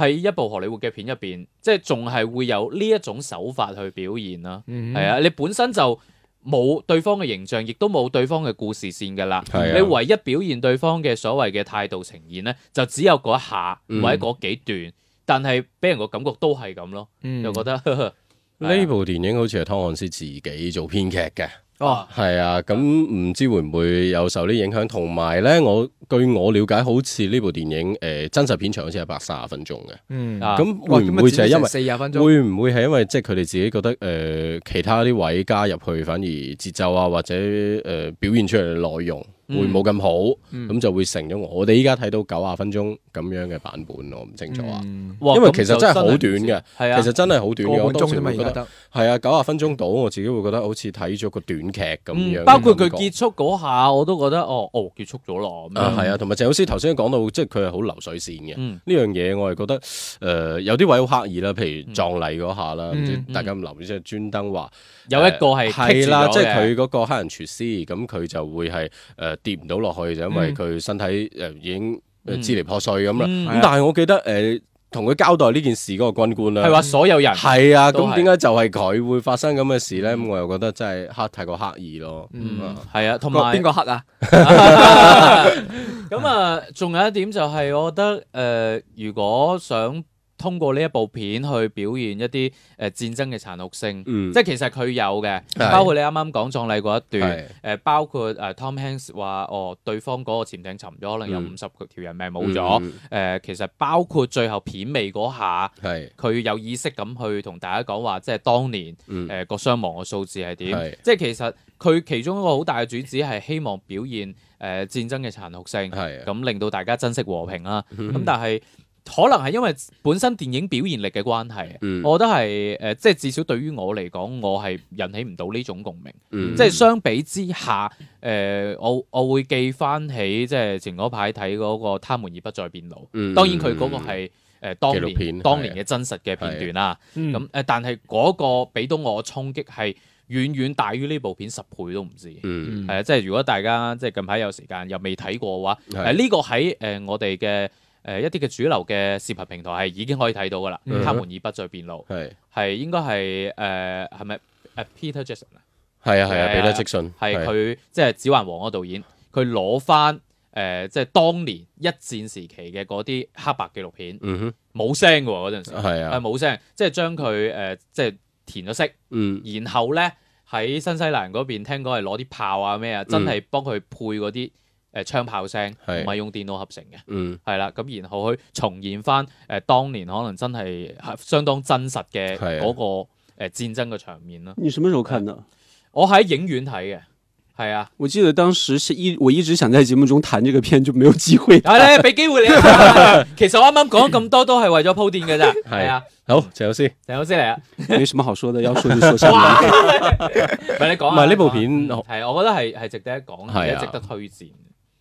喺一部荷里活嘅片入邊，即係仲係會有呢一種手法去表現啦。係、mm hmm. 啊，你本身就冇對方嘅形象，亦都冇對方嘅故事線嘅啦。Mm hmm. 你唯一表現對方嘅所謂嘅態度呈現呢，就只有嗰一下，mm hmm. 或者嗰幾段。但係俾人個感覺都係咁咯，mm hmm. 就覺得呢、 啊、部電影好似係湯漢斯自己做編劇嘅。哦，係啊，咁唔知會唔會有受呢影響？同埋咧，我據我了解，好似呢部電影，誒、呃、真實片長好似係百三十分鐘嘅，嗯。嗯，咁會唔會就係因為四十、呃、分鐘？會唔會係因為即係佢哋自己覺得誒其他啲位加入去，反而節奏啊或者誒、呃、表現出嚟嘅內容？會冇咁好，咁就會成咗我。我哋依家睇到九十分鐘咁樣嘅版本，我唔清楚啊。因為其實真係好短嘅，其實真係好短嘅。我當時覺得係啊，九十分鐘到，我自己會覺得好似睇咗個短劇咁樣。包括佢結束嗰下，我都覺得哦哦，結束咗咯。啊，係啊，同埋鄭老師頭先講到，即係佢係好流水線嘅呢樣嘢，我係覺得誒有啲位好刻意啦，譬如葬禮嗰下啦，大家咁留意，即係專登話有一個係係啦，即係佢嗰個黑人廚師，咁佢就會係誒。跌唔到落去就因為佢身體誒已經支離破碎咁啦，咁、呃嗯、但係我記得誒同佢交代呢件事嗰個軍官啦，係話所有人係、嗯、啊，咁點解就係佢會發生咁嘅事咧？咁我又覺得真係黑太過刻意咯，嗯，係啊，同埋邊個黑啊？咁啊，仲有一點就係、是、我覺得誒、呃，如果想。通過呢一部片去表現一啲誒戰爭嘅殘酷性，即係其實佢有嘅，包括你啱啱講葬禮嗰一段，誒包括誒 Tom Hanks 話哦，對方嗰個潛艇沉咗，可能有五十條人命冇咗，誒其實包括最後片尾嗰下，係佢有意識咁去同大家講話，即係當年誒個傷亡嘅數字係點，即係其實佢其中一個好大嘅主旨係希望表現誒戰爭嘅殘酷性，咁令到大家珍惜和平啦。咁但係。可能係因為本身電影表現力嘅關係，嗯，我覺得係誒，即、呃、係至少對於我嚟講，我係引起唔到呢種共鳴。嗯、即係相比之下，誒、呃，我我會記翻起即係、就是、前嗰排睇嗰個《他們已不再變老》，嗯、當然佢嗰個係誒當年當年嘅真實嘅片段啦。咁誒、嗯嗯，但係嗰個俾到我衝擊係遠遠大於呢部片十倍都唔知。係、嗯嗯呃、即係如果大家即係近排有時間又未睇過嘅話，誒的，呢個喺誒我哋嘅。誒、呃、一啲嘅主流嘅視頻平台係已經可以睇到㗎啦，嗯、哼他們已不再變老，係應該係誒係咪誒 Peter Jackson、呃、啊？係啊係啊，彼得積遜係佢即係《指環王》嗰個導演，佢攞翻誒即係當年一戰時期嘅嗰啲黑白紀錄片，冇、嗯、哼聲㗎喎嗰陣時，係啊，冇、啊、聲，即係將佢誒、呃、即係填咗色，嗯、然後咧喺新西蘭嗰邊聽講係攞啲炮啊咩啊，真係幫佢配嗰啲。誒，槍炮聲唔係用電腦合成嘅，係啦，咁然後去重現翻誒當年可能真係相當真實嘅嗰個誒戰爭嘅場面咯。你什麼時候看的？我喺影院睇嘅，係啊。我記得當時是一我一直想在節目中談呢個片，就沒有機會。係咧，俾機會你。其實我啱啱講咁多都係為咗鋪墊嘅啫。係啊，好，陳老師，陳老師嚟啊，有什麼好說的？要說就說。唔係你講，唔係呢部片，係我覺得係係值得一講，係值得推薦。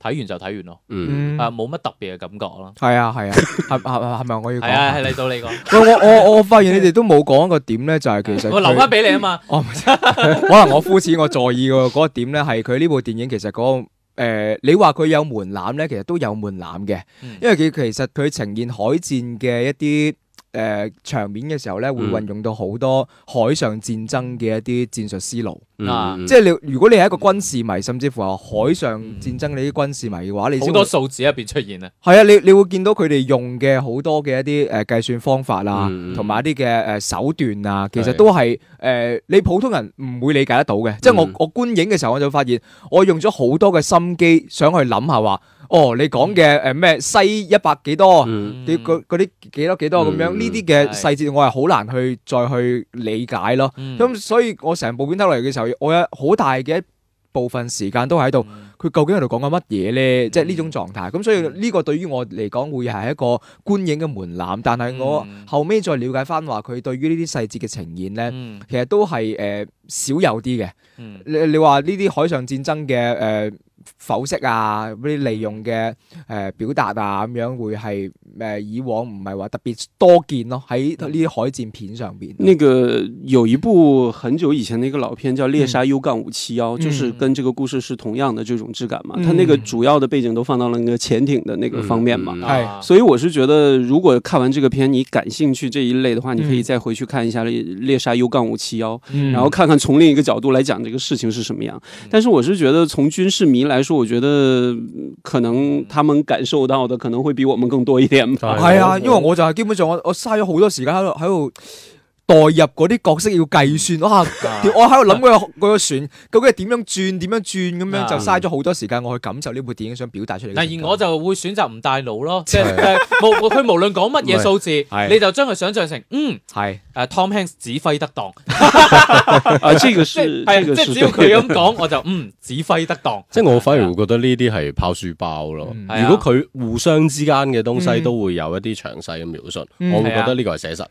睇完就睇完咯，嗯、啊冇乜特別嘅感覺咯。係啊係啊，係係係咪我要講、 啊？係啊係，到你講。 我我我我發現你哋都冇講一個點咧，就係、是、其實 留翻俾你啊嘛。 可能我膚淺，我在意個嗰個點咧，係佢呢部電影其實嗰、那個誒、呃，你話佢有門檻咧，其實都有門檻嘅，因為佢其實佢呈現海戰嘅一啲。誒、呃，場面嘅時候咧，會運用到好多海上戰爭嘅一啲戰術思路啊！嗯嗯、即係你如果你係一個軍事迷，嗯、甚至乎話海上戰爭你啲軍事迷嘅話，嗯、你好多數字入邊出現啊！係啊，你你會見到佢哋用嘅好多嘅一啲誒計算方法啊，同埋、嗯、一啲嘅誒手段啊，其實都係誒對、呃、你普通人唔會理解得到嘅。即係、嗯、我我觀影嘅時候，我就發現我用咗好多嘅心機，想去諗下話。哦，你講嘅誒咩西一百幾多？啲嗰啲幾多幾多咁、嗯、樣呢啲嘅細節，我係好難去再去理解咯。咁、嗯嗯、所以我成部片睇落嚟嘅時候，我有好大嘅一部分時間都喺度，佢究竟喺度講緊乜嘢呢？即係呢種狀態。咁、嗯嗯嗯、所以呢個對於我嚟講，會係一個觀影嘅門檻。但係我後尾再了解翻話，佢對於呢啲細節嘅呈現呢，其實都係誒、呃、少有啲嘅。嗯、你你話呢啲海上戰爭嘅誒？呃剖析啊，嗰利用嘅誒表達啊，咁樣會係誒以往唔係話特別多見咯，喺呢啲海戰片上面。那個有一部很久以前嘅一個老片叫《獵殺 U 槓五七幺》，嗯、就是跟這個故事是同樣的這種質感嘛。嗯、它那個主要的背景都放到了那個潛艇的那個方面嘛。哎、嗯，所以我是覺得如果看完這個片你感興趣這一類嘅話，你可以再回去看一下《獵獵殺 U 槓五七幺》，嗯、然後看看從另一個角度來講，這個事情是什麼樣。但是我是覺得從軍事迷來來說，我覺得可能他們感受到的可能會比我們更多一點。係 啊，因為我就係、是、基本上我，我我嘥咗好多時間喺度喺度。代入嗰啲角色要計算，哇！我喺度諗嗰個嗰個船究竟係點樣轉、點樣轉咁樣，就嘥咗好多時間。我去感受呢部電影想表達出嚟。嗱，而我就會選擇唔帶腦咯，即係冇佢無論講乜嘢數字，你就將佢想象成嗯，係 Tom Hanks 指揮得當。即係只要佢咁講，我就嗯指揮得當。即係我反而會覺得呢啲係拋書包咯。如果佢互相之間嘅東西都會有一啲詳細嘅描述，我會覺得呢個係寫實。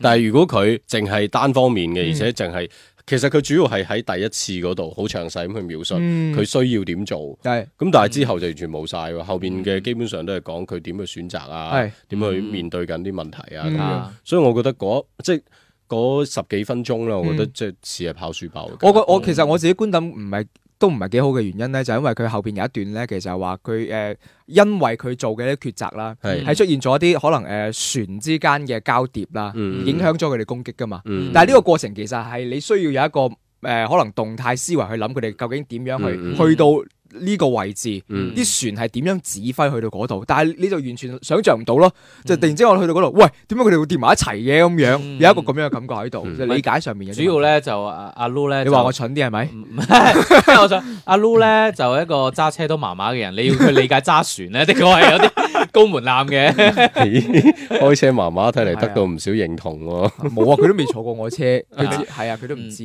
但係如果佢淨係單方面嘅，而且淨係其實佢主要係喺第一次嗰度好詳細咁去描述佢需要點做，咁、嗯、但係之後就完全冇晒喎。後邊嘅基本上都係講佢點去選擇啊，點、嗯、去面對緊啲問題啊咁、嗯、樣。嗯、所以我覺得嗰即係嗰十幾分鐘啦，嗯、我覺得即係似係跑書包。我、嗯、我其實我自己觀感唔係。都唔係幾好嘅原因呢，就係、因為佢後邊有一段呢，其實係話佢誒，因為佢做嘅啲抉擇啦，係是出現咗啲可能誒船之間嘅交疊啦，嗯、影響咗佢哋攻擊噶嘛。嗯、但係呢個過程其實係你需要有一個誒、呃，可能動態思維去諗佢哋究竟點樣去、嗯、去到。呢個位置，啲、嗯、船係點樣指揮去到嗰度？但係你就完全想像唔到咯，就突然之間我去到嗰度，喂，點解佢哋會掂埋一齊嘅咁樣？有一個咁樣嘅感覺喺度，嗯、就理解上面、嗯。主要咧就阿阿、啊、Lu 咧，你話我蠢啲係咪？我想阿、 啊、Lu 咧就一個揸車都麻麻嘅人，你要去理解揸船咧，的確係有啲。高門檻嘅，開車麻麻，睇嚟得到唔少認同喎。冇啊，佢都未坐過我車，佢知，係啊，佢、啊、都唔知。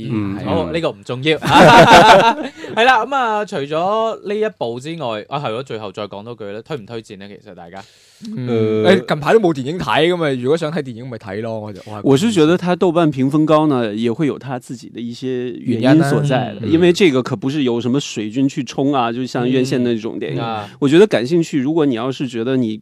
呢個唔重要。係啦、嗯，咁啊、 嗯，除咗呢一部之外，啊係咯，最後再講多句咧，推唔推薦咧？其實大家。誒、嗯欸，近排都冇電影睇㗎嘛！如果想睇電影，咪睇咯，我就。我是覺得佢豆瓣評分高呢，也會有佢自己的一些原因所在，因為這個可不是由什麼水軍去衝啊，就像院線那種電影。嗯、我覺得感興趣，如果你要是覺得你。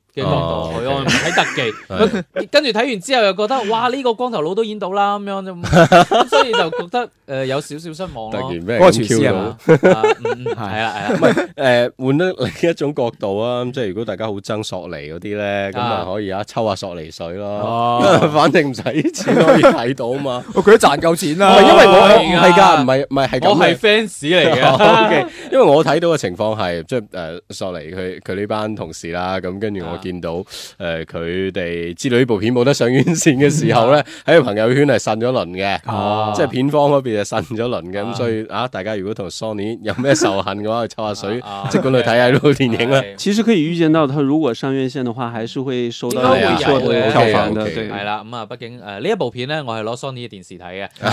嘅角度，睇特技，跟住睇完之後又覺得，哇！呢個光頭佬都演到啦，咁樣，所以就覺得誒有少少失望咯。突然俾人跳到，係啊係啊，唔係誒換得另一種角度啊，即係如果大家好憎索尼嗰啲咧，咁啊可以啊抽下索尼水咯。反正唔使錢可以睇到啊嘛。佢都賺夠錢啦。因為我係㗎，唔係唔係係我係 fans 嚟嘅。OK，因為我睇到嘅情況係即係誒索尼佢佢呢班同事啦，咁跟住我。見到誒，佢哋知道呢部片冇得上院線嘅時候咧，喺個朋友圈係呻咗輪嘅，即係片方嗰邊係呻咗輪嘅，咁所以啊，大家如果同 Sony 有咩仇恨嘅話，去抽下水即管去睇下呢部電影啦。其實可以預見到，佢如果上院線嘅話，還是會收得少啲嘅。係啦，咁啊，畢竟誒呢一部片咧，我係攞 Sony 嘅電視睇嘅。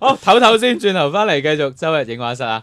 好，唞唞先，轉頭翻嚟繼續周日影畫室啊。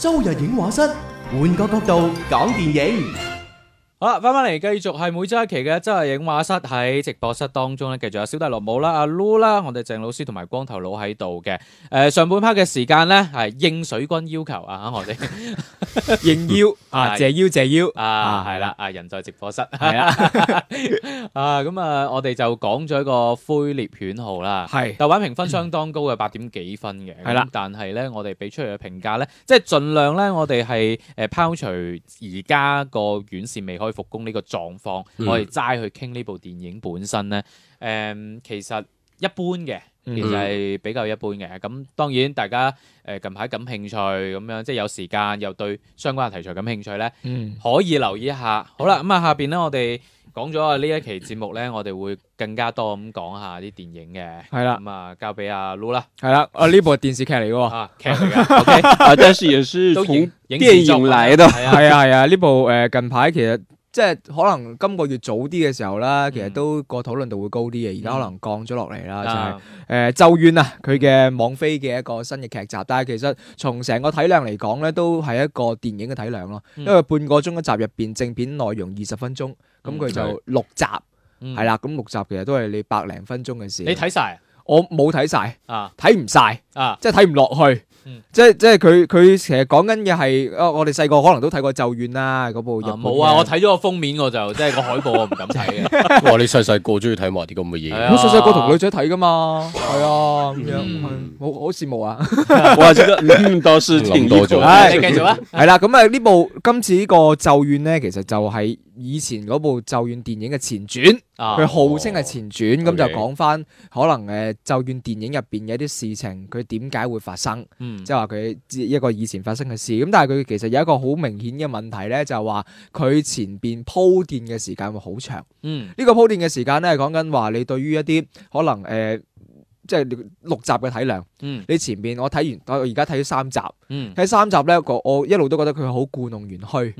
周日影畫室，換個角度講電影。好啦，翻返嚟繼續係每周一期嘅真係影畫室喺直播室當中咧，繼續有小弟綠帽啦、阿 Lu 啦、我哋鄭老師同埋光頭佬喺度嘅。誒，上半 part 嘅時間咧係應水軍要求啊，我哋應邀啊，謝邀謝邀啊，係啦，啊人在直播室啦，啊咁啊，我哋就講咗一個灰獵犬號啦，係豆瓣評分相當高嘅八點幾分嘅，係啦，但係咧我哋俾出嚟嘅評價咧，即係盡量咧，我哋係誒拋除而家個院線未開。去復工呢個狀況，我哋齋去傾呢部電影本身咧，誒、嗯，其實一般嘅，其實係比較一般嘅。咁當然大家誒近排感興趣咁樣，即係有時間又對相關嘅題材感興趣咧，可以留意一下。好啦，咁啊下邊咧我哋講咗啊呢一期節目咧，我哋會更加多咁講下啲電影嘅。係啦的，咁啊、嗯、交俾阿 Lu 啦。係啦，啊呢部係電視劇嚟嘅，劇嚟嘅。啊，但是也是從電影來的。係啊係啊，呢部誒近排其實。即係可能今個月早啲嘅時候啦，嗯、其實都個討論度會高啲嘅，而家、嗯、可能降咗落嚟啦。就係誒《咒怨》啊，佢嘅網飛嘅一個新嘅劇集，但係其實從成個體量嚟講咧，都係一個電影嘅體量咯。因為半個鐘一集入邊正片內容二十分鐘，咁佢、嗯、就六集係啦。咁六、嗯、集其實都係你百零分鐘嘅事。你睇晒？我冇睇晒啊，睇唔晒啊，嗯、即係睇唔落去。嗯、即係即係佢佢其實講緊嘅係，哦，我哋細個可能都睇過《咒怨》啦，嗰部冇啊，啊！我睇咗個封面，我就 即係個海報我，我唔敢睇嘅。哇！你細細個中意睇埋啲咁嘅嘢。哎、呀我細細個同女仔睇噶嘛，係 啊咁樣、嗯嗯，好好羨慕啊！我話覺得唔多算年代咗， 對你繼續啦。係啦， 咁啊，呢部今次個呢個《咒怨》咧，其實就係以前嗰部《咒怨》電影嘅前傳，佢、啊、號稱係前傳，咁、哦、就講翻可能誒《咒怨》電影入邊嘅一啲事情，佢點解會發生？即係話佢一個以前發生嘅事。咁但係佢其實有一個好明顯嘅問題咧，就係話佢前邊鋪墊嘅時間會好長。呢、嗯、個鋪墊嘅時間咧，係講緊話你對於一啲可能誒。呃即係六集嘅體量，嗯、你前面我睇完，我而家睇咗三集，睇、嗯、三集咧，我一路都覺得佢好故弄玄虛，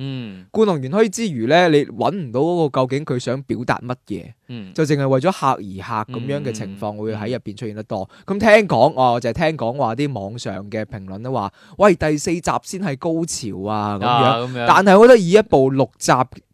故、嗯、弄玄虛之餘咧，你揾唔到嗰個究竟佢想表達乜嘢，嗯、就淨係為咗嚇而嚇咁樣嘅情況會喺入邊出現得多。咁、嗯、聽講、哦、我就係聽講話啲網上嘅評論都話，喂，第四集先係高潮啊咁樣，啊、咁樣，但係我覺得以一部六集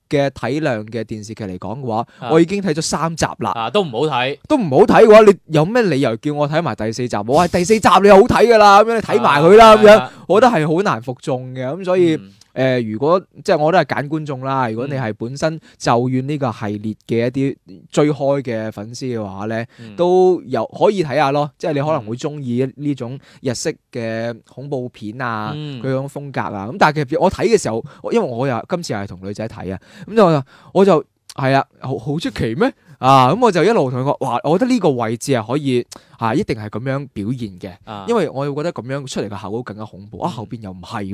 嘅體量嘅電視劇嚟講嘅話，我已經睇咗三集啦、啊，都唔好睇，都唔好睇嘅話，你有咩理由叫我睇埋第四集？我話第四集你好睇噶啦，咁樣你睇埋佢啦，咁、啊、樣，的我覺得係好難服眾嘅，咁所以，嗯誒、呃，如果即係我都係揀觀眾啦。如果你係本身咒怨呢個系列嘅一啲追開嘅粉絲嘅話咧，嗯、都有可以睇下咯。即係你可能會中意呢種日式嘅恐怖片啊，佢種、嗯、風格啊。咁但係其實我睇嘅時候，因為我又今次係同女仔睇啊，咁就我就係啊，好出奇咩？嗯啊，咁我就一路同佢講，哇！我覺得呢個位置係可以吓，一定係咁樣表現嘅，因為我會覺得咁樣出嚟嘅效果更加恐怖。哇，後邊又唔係，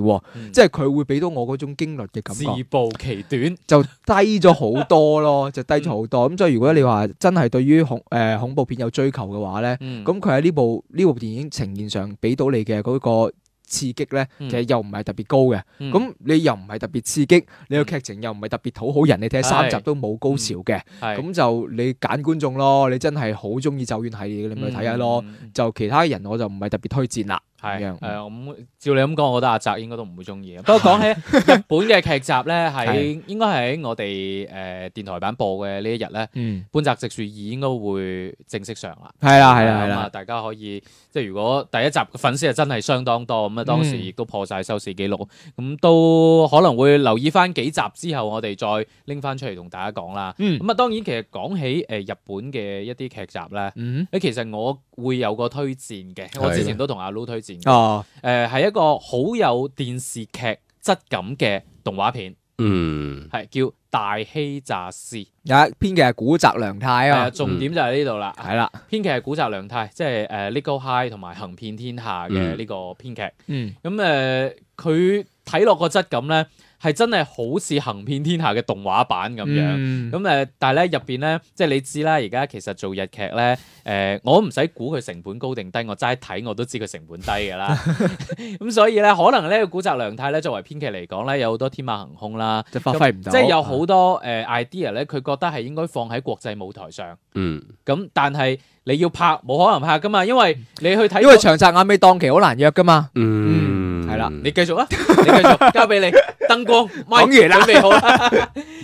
即係佢會俾到我嗰種經歷嘅感覺，自暴其短就低咗好多咯，就低咗好多。咁所以如果你話真係對於恐誒恐怖片有追求嘅話咧，咁佢喺呢部呢部電影呈現上俾到你嘅嗰個。刺激咧，其實又唔係特別高嘅，咁、嗯、你又唔係特別刺激，嗯、你個劇情又唔係特別討好人，嗯、你睇三集都冇高潮嘅，咁、嗯嗯、就你揀觀眾咯。你真係好中意咒怨系列，你咪睇下咯。嗯、就其他人我就唔係特別推薦啦。係，啊，咁、呃、照你咁講，我覺得阿澤應該都唔會中意。不過講起日本嘅劇集咧，喺應該喺我哋誒電台版播嘅呢一日咧， 的《半澤、嗯、直樹二》應該會正式上啦。係啦，係啦，咁啊，大家可以即係如果第一集嘅粉絲係真係相當多咁啊，當時亦都破晒收視紀錄，咁都、嗯、可能會留意翻幾集之後，我哋再拎翻出嚟同大家講啦。咁啊、嗯，當然其實講起誒日本嘅一啲劇集咧，誒、嗯、其實我。會有個推薦嘅，我之前都同阿 Loo 推薦嘅，誒係的、呃、一個好有電視劇質感嘅動畫片，嗯，係叫大欺詐師，有一、啊、編劇係古澤良太啊。嗯、重點就喺呢度啦，係啦、嗯，編劇係古澤良太，即係誒 Legal High 同埋行遍天下嘅呢個編劇，嗯，咁誒佢睇落個質感咧。係真係好似行遍天下嘅動畫版咁樣，咁誒、嗯嗯，但係咧入邊咧，即係你知啦，而家其實做日劇咧，誒、呃，我唔使估佢成本高定低，我齋睇我都知佢成本低㗎啦。咁、 嗯、所以咧，可能呢咧古澤良太咧作為編劇嚟講咧，有好多天馬行空啦，發揮唔到，即係有好多誒 idea 咧，佢、呃、覺得係應該放喺國際舞台上。嗯，咁、嗯嗯、但係你要拍，冇可能拍㗎嘛，因為你去睇，因為長澤雅美檔期好難約㗎嘛。嗯。嗯嗯、你繼續啊，你繼續交你，交俾你燈光講完啦，準備好啦。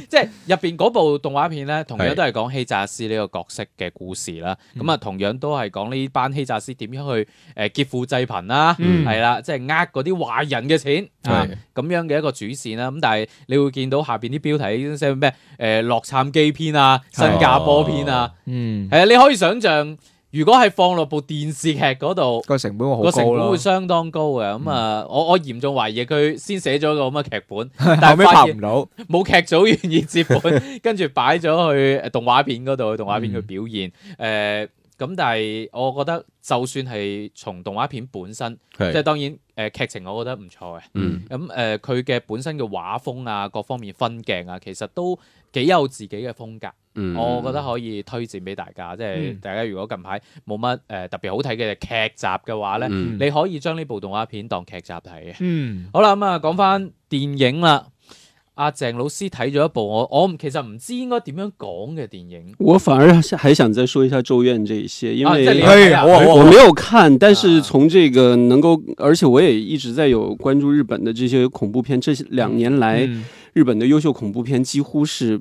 即係入邊嗰部動畫片咧，同樣都係講欺詐師呢個角色嘅故事啦。咁啊是，同樣都係講呢班欺詐師點樣去誒劫富濟貧啦，係啦，即係呃嗰啲壞人嘅錢啊，咁樣嘅一個主線啦。咁但係你會見到下邊啲標題寫咩？誒、呃，洛杉磯篇啊，新加坡篇啊，哦、嗯，係啊，你可以想象。如果係放落部電視劇嗰度，個成本會好高，個成本會相當高嘅。咁啊、嗯，我我嚴重懷疑佢先寫咗個咁嘅劇本，嗯、但係後尾拍唔到，冇劇組願意接本，跟住擺咗去動畫片嗰度，動畫片去表現。誒、嗯，咁、呃、但係我覺得，就算係從動畫片本身，是即係當然誒、劇、呃、情我覺得唔錯嘅。咁誒、嗯，佢嘅、嗯呃、本身嘅畫風啊，各方面分鏡啊，其實都。幾有自己嘅風格，嗯、我覺得可以推薦俾大家。即係大家如果近排冇乜特別好睇嘅劇集嘅話咧，嗯、你可以將呢部動畫片當劇集睇嘅。嗯、好啦，咁、嗯、啊講翻電影啦。阿鄭老師睇咗一部我我其實唔知應該點樣講嘅電影。我反而想還想再說一下《咒怨》這一些，因為、啊啊、我，我，我，我沒有看，但是從這個能夠，啊、而且我也一直在有關注日本的這些恐怖片，這兩年來。嗯日本的優秀恐怖片幾乎是。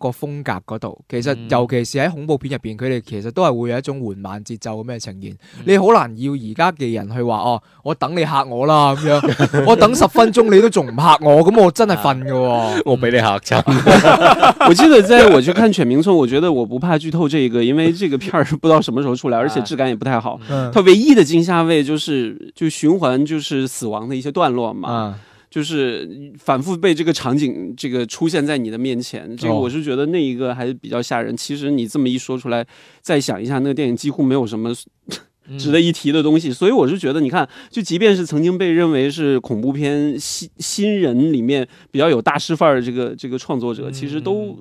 個風格嗰度，其實尤其是喺恐怖片入邊，佢哋、嗯、其實都係會有一種緩慢節奏咁樣呈現。嗯、你好難要而家嘅人去話哦，我等你吓我啦咁樣， 我等十分鐘你都仲唔吓我，咁我真係瞓噶。我俾你吓親。我知道真係，我就看《全名》。我覺得我不怕劇透這一個，因為這個片兒不知道什麼時候出來，而且質感也不太好。嗯，它唯一的驚吓位就是就循環，就是死亡的一些段落嘛。 就是反復被這個場景這個出現在你的面前，這個我是覺得那一個還是比較嚇人。其實你這麼一說出來，再想一下，那個電影幾乎沒有什麼值得一提的東西。嗯，所以我是覺得，你看，就即便是曾經被認為是恐怖片新新人裏面比較有大師範兒的這個這個創作者，其實都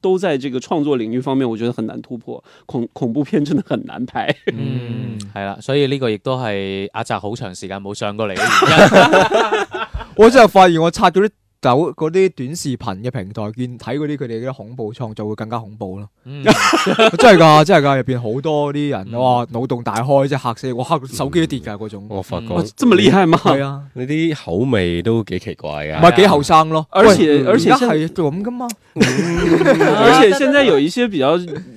都在這個創作領域方面，我覺得很難突破。恐恐怖片真的很難拍。嗯，係啦， 所以呢個亦都係阿澤好長時間冇上過嚟嘅原因。 我真係發現我刷咗啲走嗰啲短視頻嘅平台，見睇嗰啲佢哋啲恐怖創作就會更加恐怖咯、嗯。 真係噶，真係噶，入邊好多啲人哇，腦洞大開，即係嚇死我，嚇手機都跌噶嗰種。我發覺真係厲害係嘛？你啲、啊、口味都幾奇怪噶。唔係幾後生咯。而且而且，係咁噶嘛？而且，而且現在有一些比較。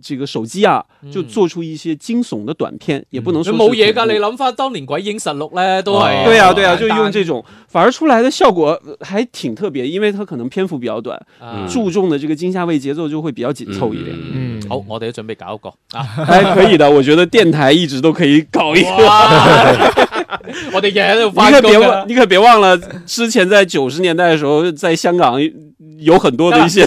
這個手機啊，就做出一些驚悚的短片，也不能說，冇嘢噶。你諗翻當年鬼影神錄呢，都係對啊，對啊，就用這種，反而出來的效果還挺特別，因為它可能篇幅比較短，注重的這個驚吓位節奏就會比較緊湊一點。嗯，好，我哋準備搞一個啊，還可以的，我覺得電台一直都可以搞一。我哋眼又發高。你可別忘，你可別忘了之前在九十年代的時候，在香港有很多的一些。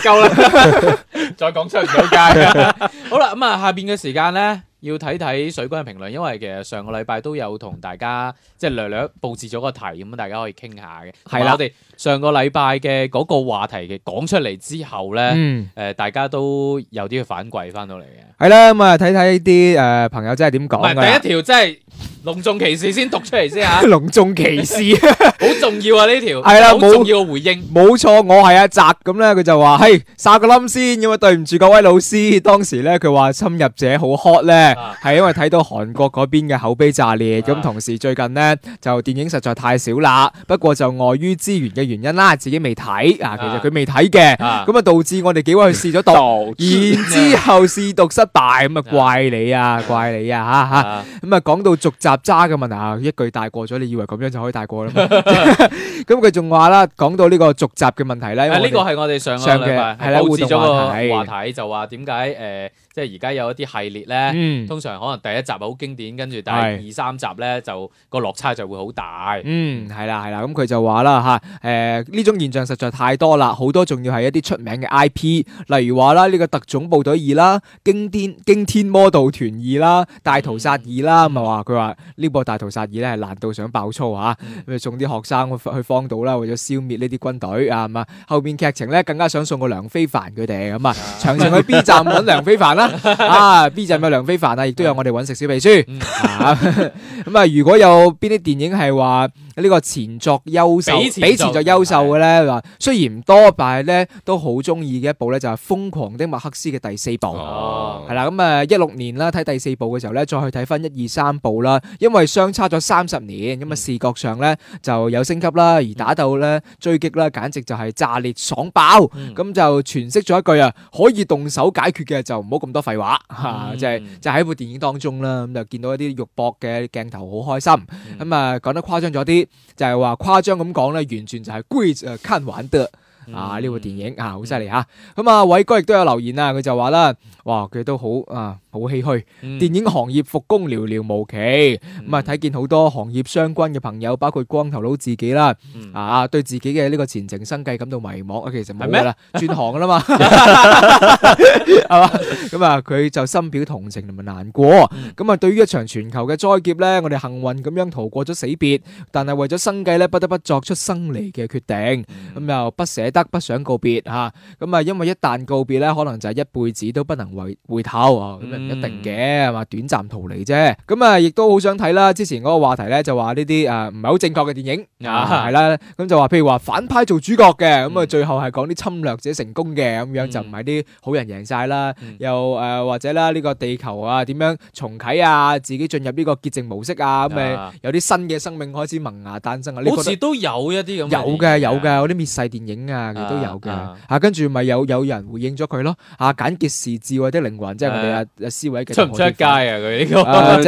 再講出唔 好啦，咁、嗯、啊，下邊嘅時間呢，要睇睇水軍嘅評論，因為其實上個禮拜都有同大家即係略略布置咗個題，咁大家可以傾下嘅。係啦，我哋上個禮拜嘅嗰個話題嘅講出嚟之後呢，誒、嗯呃，大家都有啲反饋翻到嚟嘅。係啦，咁、嗯、啊，睇睇啲誒朋友真係點講。第一條，即係。隆重其事先讀出嚟先吓，隆重其事，好重要啊呢條，係啦，好重要嘅回應，冇錯，我係阿澤咁咧，佢就話，嘿，沙個冧先，咁啊，對唔住各位老師，當時咧佢話《侵入者》好 hot 咧，係因為睇到韓國嗰邊嘅口碑炸裂，咁同時最近咧就電影實在太少啦，不過就礙於資源嘅原因啦，自己未睇啊，其實佢未睇嘅，咁啊導致我哋幾位去試咗讀，然之後試讀失敗，咁啊怪你啊，怪你啊吓吓，咁啊講到。續集渣嘅問題啊，一句大過咗，你以為咁樣就可以大過啦嘛？咁佢仲話啦，講到呢個續集嘅問題咧，啊，呢個係我哋們、啊、上個上嘅個的保持咗個話題，就話點解誒？的即係而家有一啲系列咧，通常可能第一集好經典，跟住但係二的三集咧就個落差就會好大。嗯，係啦係啦，咁佢就話啦吓誒呢種現象實在太多啦，好多仲要係一啲出名嘅 IP，例如話啦呢個特種部隊二啦，驚天驚天魔盜團二啦，大屠殺二啦，咁啊話佢話呢部大屠殺二咧係難到想爆粗吓、啊，咁送啲學生去去荒島啦，為咗消滅呢啲軍隊啊，咁啊後邊劇情咧更加想送個梁非凡佢哋，咁啊長城去 B 站揾梁非凡啦。 啊！B 站有梁非凡啊，亦都有我哋揾食小秘書。咁、嗯、 啊，如果有邊啲電影係話？呢個前作優秀，比前作優秀嘅咧，話的雖然唔多，但係咧都好中意嘅一部咧，就係、是《瘋狂的麥克斯》嘅第四部，係啦、oh.，咁誒一六年啦，睇第四部嘅時候咧，再去睇返一二三部啦，因為相差咗三十年，咁啊視覺上咧就有升級啦，而打鬥咧追擊咧，簡直就係炸裂爽爆，咁、oh. 就詮釋咗一句啊，可以動手解決嘅就唔好咁多廢話，即係、mm. 啊、就喺、是就是、部電影當中啦，咁就見到一啲肉搏嘅鏡頭，好開心，咁啊講得誇張咗啲。就係話誇張咁講咧，完全就係 great 咁玩得啊！呢、這、部、個、電影啊，好犀利吓。咁啊，偉、嗯嗯啊、哥亦都有留言啦，佢就話啦，哇，佢都好啊。好唏噓，嗯、電影行業復工寥寥無期，咁啊睇見好多行業相關嘅朋友，包括光頭佬自己啦，嗯、啊，對自己嘅呢個前程生計感到迷茫啊，其實冇咩啦，嗎轉行噶啦嘛，係嘛，咁啊佢就深表同情同埋難過，咁啊、嗯、對於一場全球嘅災劫呢，我哋幸運咁樣逃過咗死別，但係為咗生計呢，不得不作出生離嘅決定，咁又、嗯嗯、不捨得，不想告別吓，咁啊、嗯、因為一旦告別呢，可能就係一輩子都不能回回頭啊。嗯一定嘅，係嘛？短暫逃離啫。咁啊，亦都好想睇啦。之前嗰個話題咧，就話呢啲啊唔係好正確嘅電影啊，係啦。咁就話譬如話反派做主角嘅，咁啊最後係講啲侵略者成功嘅咁樣，就唔係啲好人贏曬啦。又誒或者啦，呢個地球啊點樣重啓啊，自己進入呢個結凍模式啊，咁誒有啲新嘅生命開始萌芽誕生啊。好似都有一啲咁，有嘅有嘅，嗰啲滅世電影啊亦都有嘅嚇。跟住咪有有人回應咗佢咯嚇，簡潔時智慧的靈魂，即係我哋啊。思維出唔出街啊？佢呢個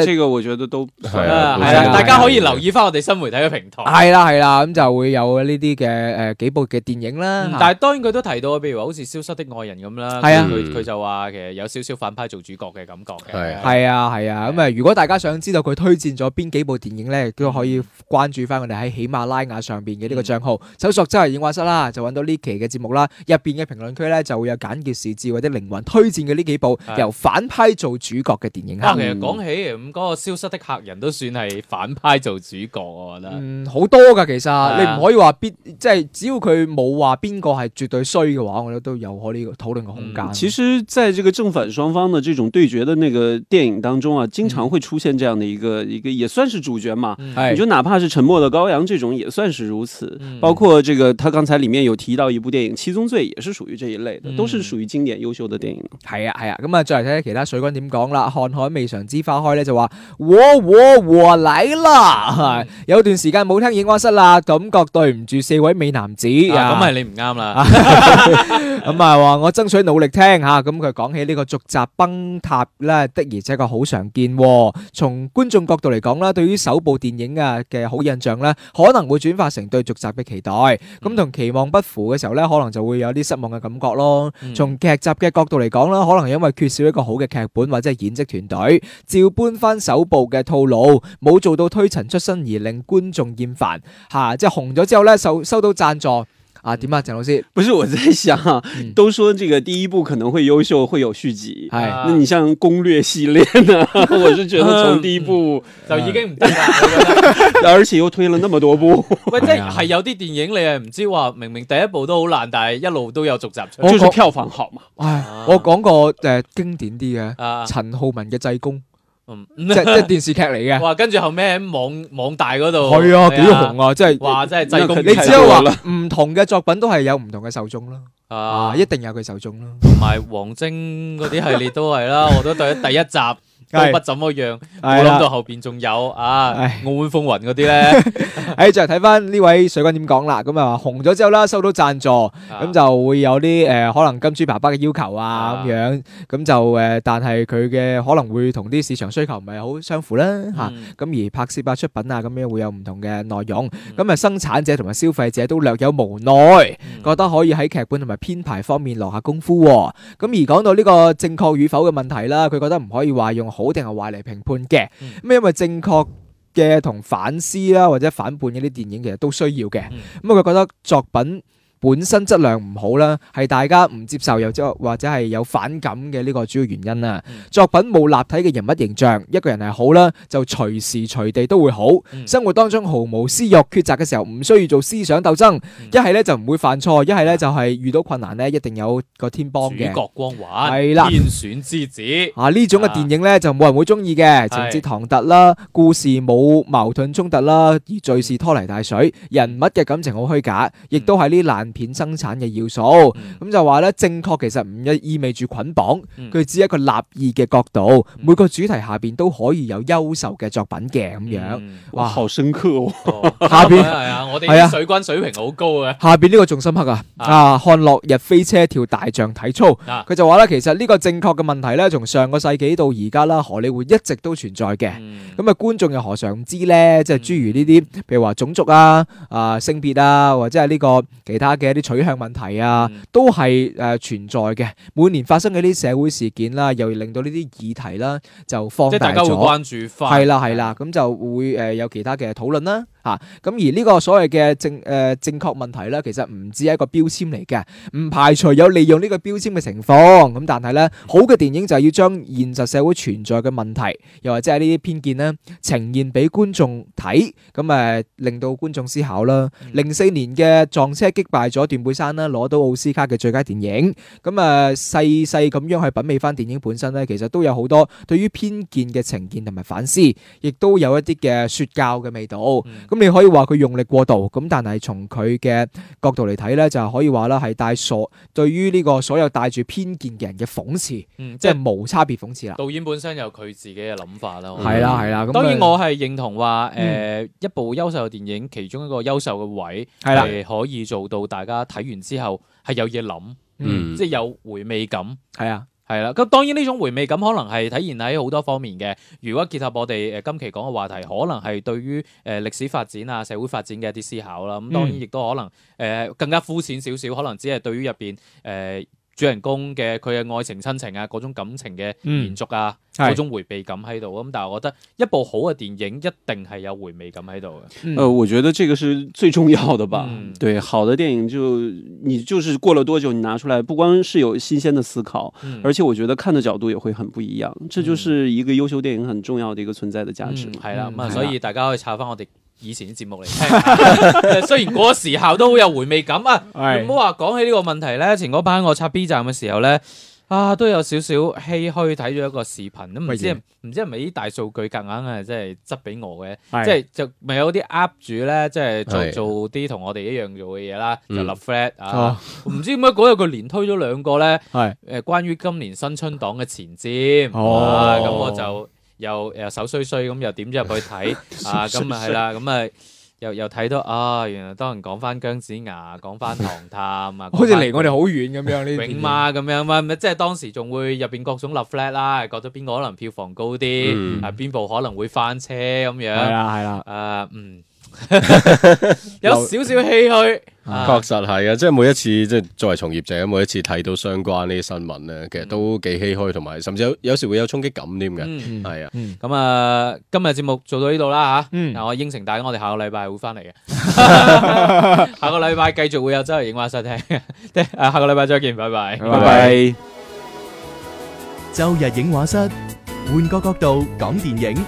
呢個會做到都係啊！大家可以留意翻我哋新媒體嘅平台。係啦係啦，咁就會有呢啲嘅誒幾部嘅電影啦。但係當然佢都提到，譬如話好似《消失的愛人》咁啦，係啊，佢佢就話其實有少少反派做主角嘅感覺嘅。係係啊係啊，咁啊如果大家想知道佢推薦咗邊幾部電影咧，都可以關注翻我哋喺喜馬拉雅上邊嘅呢個帳號，搜索周係演話室啦，就揾到呢期嘅節目啦。入邊嘅評論區咧就會有簡潔時事或者靈魂推薦嘅呢幾部由反派做主角嘅電影啊，其實講起咁嗰個消失的客人都算係反派做主角，我覺得好多噶，其實你唔可以話必即係只要佢冇話邊個係絕對衰嘅話，我覺得都有可呢個討論嘅空間。其實，在這個正反雙方嘅這種對決嘅那個電影當中啊，經常會出現這樣的一個一個也算是主角嘛。你覺得，哪怕是沉默的羔羊這種，也算是如此。包括這個，他剛才裏面有提到一部電影《七宗罪》，也是屬於這一類的，都是屬於經典優秀的電影。係啊係啊，咁啊再嚟睇下其他。李君點講啦？看海未嘗之花開咧，就話：我我我嚟啦！有段時間冇聽影畫室啦，感覺對唔住四位美男子。咁係你唔啱啦。咁啊話我爭取努力聽吓。咁佢講起呢個續集崩塌咧，的而且確好常見。從觀眾角度嚟講啦，對於首部電影啊嘅好印象咧，可能會轉化成對續集嘅期待。咁同期望不符嘅時候咧，可能就會有啲失望嘅感覺咯。從劇集嘅角度嚟講啦，可能因為缺少一個好嘅劇。本或者係演職團隊，照搬翻首部嘅套路，冇做到推陳出新，而令觀眾厭煩，吓、啊、即係紅咗之後咧，收收到贊助。啊點啊，蔣老師，不是我在想，都說這個第一部可能會優秀，會有續集。係，那你像攻略系列呢，我就覺得從第一部就已經唔得啦，而且又推了那麼多部。喂，即係有啲電影你係唔知話，明明第一部都好爛，但係一路都有續集出。就係票房好嘛，唉，我講過誒，經典啲嘅陳浩民嘅濟公。嗯、即係電視劇嚟嘅。哇，跟住後尾喺網網大嗰度，係啊，說幾紅啊，即、就、係、是。哇，你真係濟公，你知道話唔同嘅作品都係有唔同嘅受眾咯。啊，啊，一定有佢受眾咯。同埋黃晶嗰啲系列都係啦， 我都睇第一集。都不怎麼樣，我諗到後邊仲有啊澳門風雲嗰啲咧，誒，就係睇翻呢位水軍點講啦，咁啊紅咗之後啦，收到贊助，咁就會有啲誒，可能金豬爸爸嘅要求啊咁樣，咁就誒，但係佢嘅可能會同啲市場需求唔係好相符啦吓，咁而拍攝啊出品啊，咁樣會有唔同嘅內容，咁啊生產者同埋消費者都略有無奈，覺得可以喺劇本同埋編排方面落下功夫，咁而講到呢個正確與否嘅問題啦，佢覺得唔可以話用。好定係壞嚟評判嘅，咁、嗯、因為正確嘅同反思啦，或者反叛嘅啲電影其實都需要嘅，咁啊佢覺得作品，本身質量唔好啦，係大家唔接受又或者係有反感嘅呢個主要原因啦。作品冇立體嘅人物形象，一個人係好啦，就隨時隨地都會好。生活當中毫無私慾抉擇嘅時候，唔需要做思想鬥爭，一係咧就唔會犯錯，一係咧就係遇到困難咧一定有個天幫嘅主角光環，係啦，天選之子啊呢種嘅電影咧就冇人會鍾意嘅，情節唐突啦，故事冇矛盾衝突啦，而最是拖泥帶水，人物嘅感情好虛假，亦都係呢難。片生產嘅要素，咁就話咧，正確其實唔意味住捆綁，佢只一個立意嘅角度，每個主題下邊都可以有優秀嘅作品嘅咁樣。哇，好深刻喎！下邊係啊，我哋係啊，水軍水平好高嘅。下邊呢個仲深刻啊！啊，看落日飛車跳大象體操，佢就話咧，其實呢個正確嘅問題咧，從上個世紀到而家啦，荷里活一直都存在嘅。咁啊，觀眾又何嘗唔知咧？即係諸如呢啲，譬如話種族啊、啊性別啊，或者係呢個其他。嘅一啲取向問題啊，都係誒、呃、存在嘅。每年發生嘅啲社會事件啦，又令到呢啲議題啦就放大咗。即大家會關注快，係啦係啦，咁就會誒、呃、有其他嘅討論啦。咁而呢個所謂嘅正誒、呃、正確問題呢，其實唔止係一個標籤嚟嘅，唔排除有利用呢個標籤嘅情況。咁但係呢，好嘅電影就要將現實社會存在嘅問題，又或者係呢啲偏見呢，呈現俾觀眾睇，咁、呃、誒令到觀眾思考啦。零四年嘅撞車擊敗咗斷背山啦，攞到奧斯卡嘅最佳電影。咁誒細細咁樣去品味翻電影本身呢，其實都有好多對於偏見嘅呈現同埋反思，亦都有一啲嘅説教嘅味道。嗯咁你可以話佢用力過度，咁但係從佢嘅角度嚟睇咧，就係可以話啦，係帶所對於呢個所有帶住偏見嘅人嘅諷刺，嗯、即係無差別諷刺啦。導演本身有佢自己嘅諗法啦。係啦係啦，啊啊嗯、當然我係認同話，誒、嗯呃，一部優秀嘅電影其中一個優秀嘅位係、啊呃、可以做到，大家睇完之後係有嘢諗，嗯，嗯即係有回味感，係啊。係啦，咁當然呢種回味感可能係體現喺好多方面嘅。如果結合我哋今期講嘅話題，可能係對於誒歷史發展啊、社會發展嘅一啲思考啦。咁、嗯、當然亦都可能誒、呃、更加膚淺少少，可能只係對於入邊誒、呃主人公嘅佢嘅愛情親情啊，嗰種感情嘅延續啊，嗰、嗯、種回味感喺度。咁是但係我覺得一部好嘅電影一定係有回味感喺度嘅。誒、呃，我覺得這個是最重要的吧。嗯、對，好的電影就你就是過了多久，你拿出來，不光是有新鮮的思考，嗯、而且我覺得看的角度也會很不一樣。這就是一個優秀電影很重要的一個存在的價值。係啦，咁所以大家可以查翻我哋。以前啲節目嚟聽，雖然嗰個時候都好有回味感啊！唔好話講起呢個問題咧，前嗰排我刷 B 站嘅時候咧，啊都有少少唏噓，睇咗一個視頻都唔知唔麼知係咪啲大數據夾硬係即係執俾我嘅，即係的就咪有啲 up 主咧，即係再做啲同我哋一樣做嘅嘢啦，的就立 flat、嗯哦、啊，唔知點解嗰日佢連推咗兩個咧，誒的關於今年新春檔嘅前瞻，咁我就。哦又誒手衰衰咁又點咗入去睇， 啊咁啊係啦，咁啊又又睇到啊，原來當人講翻姜子牙講翻唐探啊，好似離我哋好遠咁樣呢啲。永嘛咁樣嘛，即係當時仲會入面各種立 flat 啦，覺得邊個可能票房高啲，嗯、啊邊部可能會翻車咁樣。係啦係啦，誒嗯。 啊嗯有少少唏噓，確實係啊！即係每一次，即係作為從業者，每一次睇到相關呢啲新聞呢，其實都幾唏噓，同埋甚至有有時會有衝擊感添嘅。係啊，咁啊，今日節目做到呢度啦吓，嗱，我應承大家，我哋下個禮拜會翻嚟嘅。下個禮拜繼續會有周日影畫室聽，誒，下個禮拜再見，拜拜，拜拜。周日影畫室，換個角度講電影。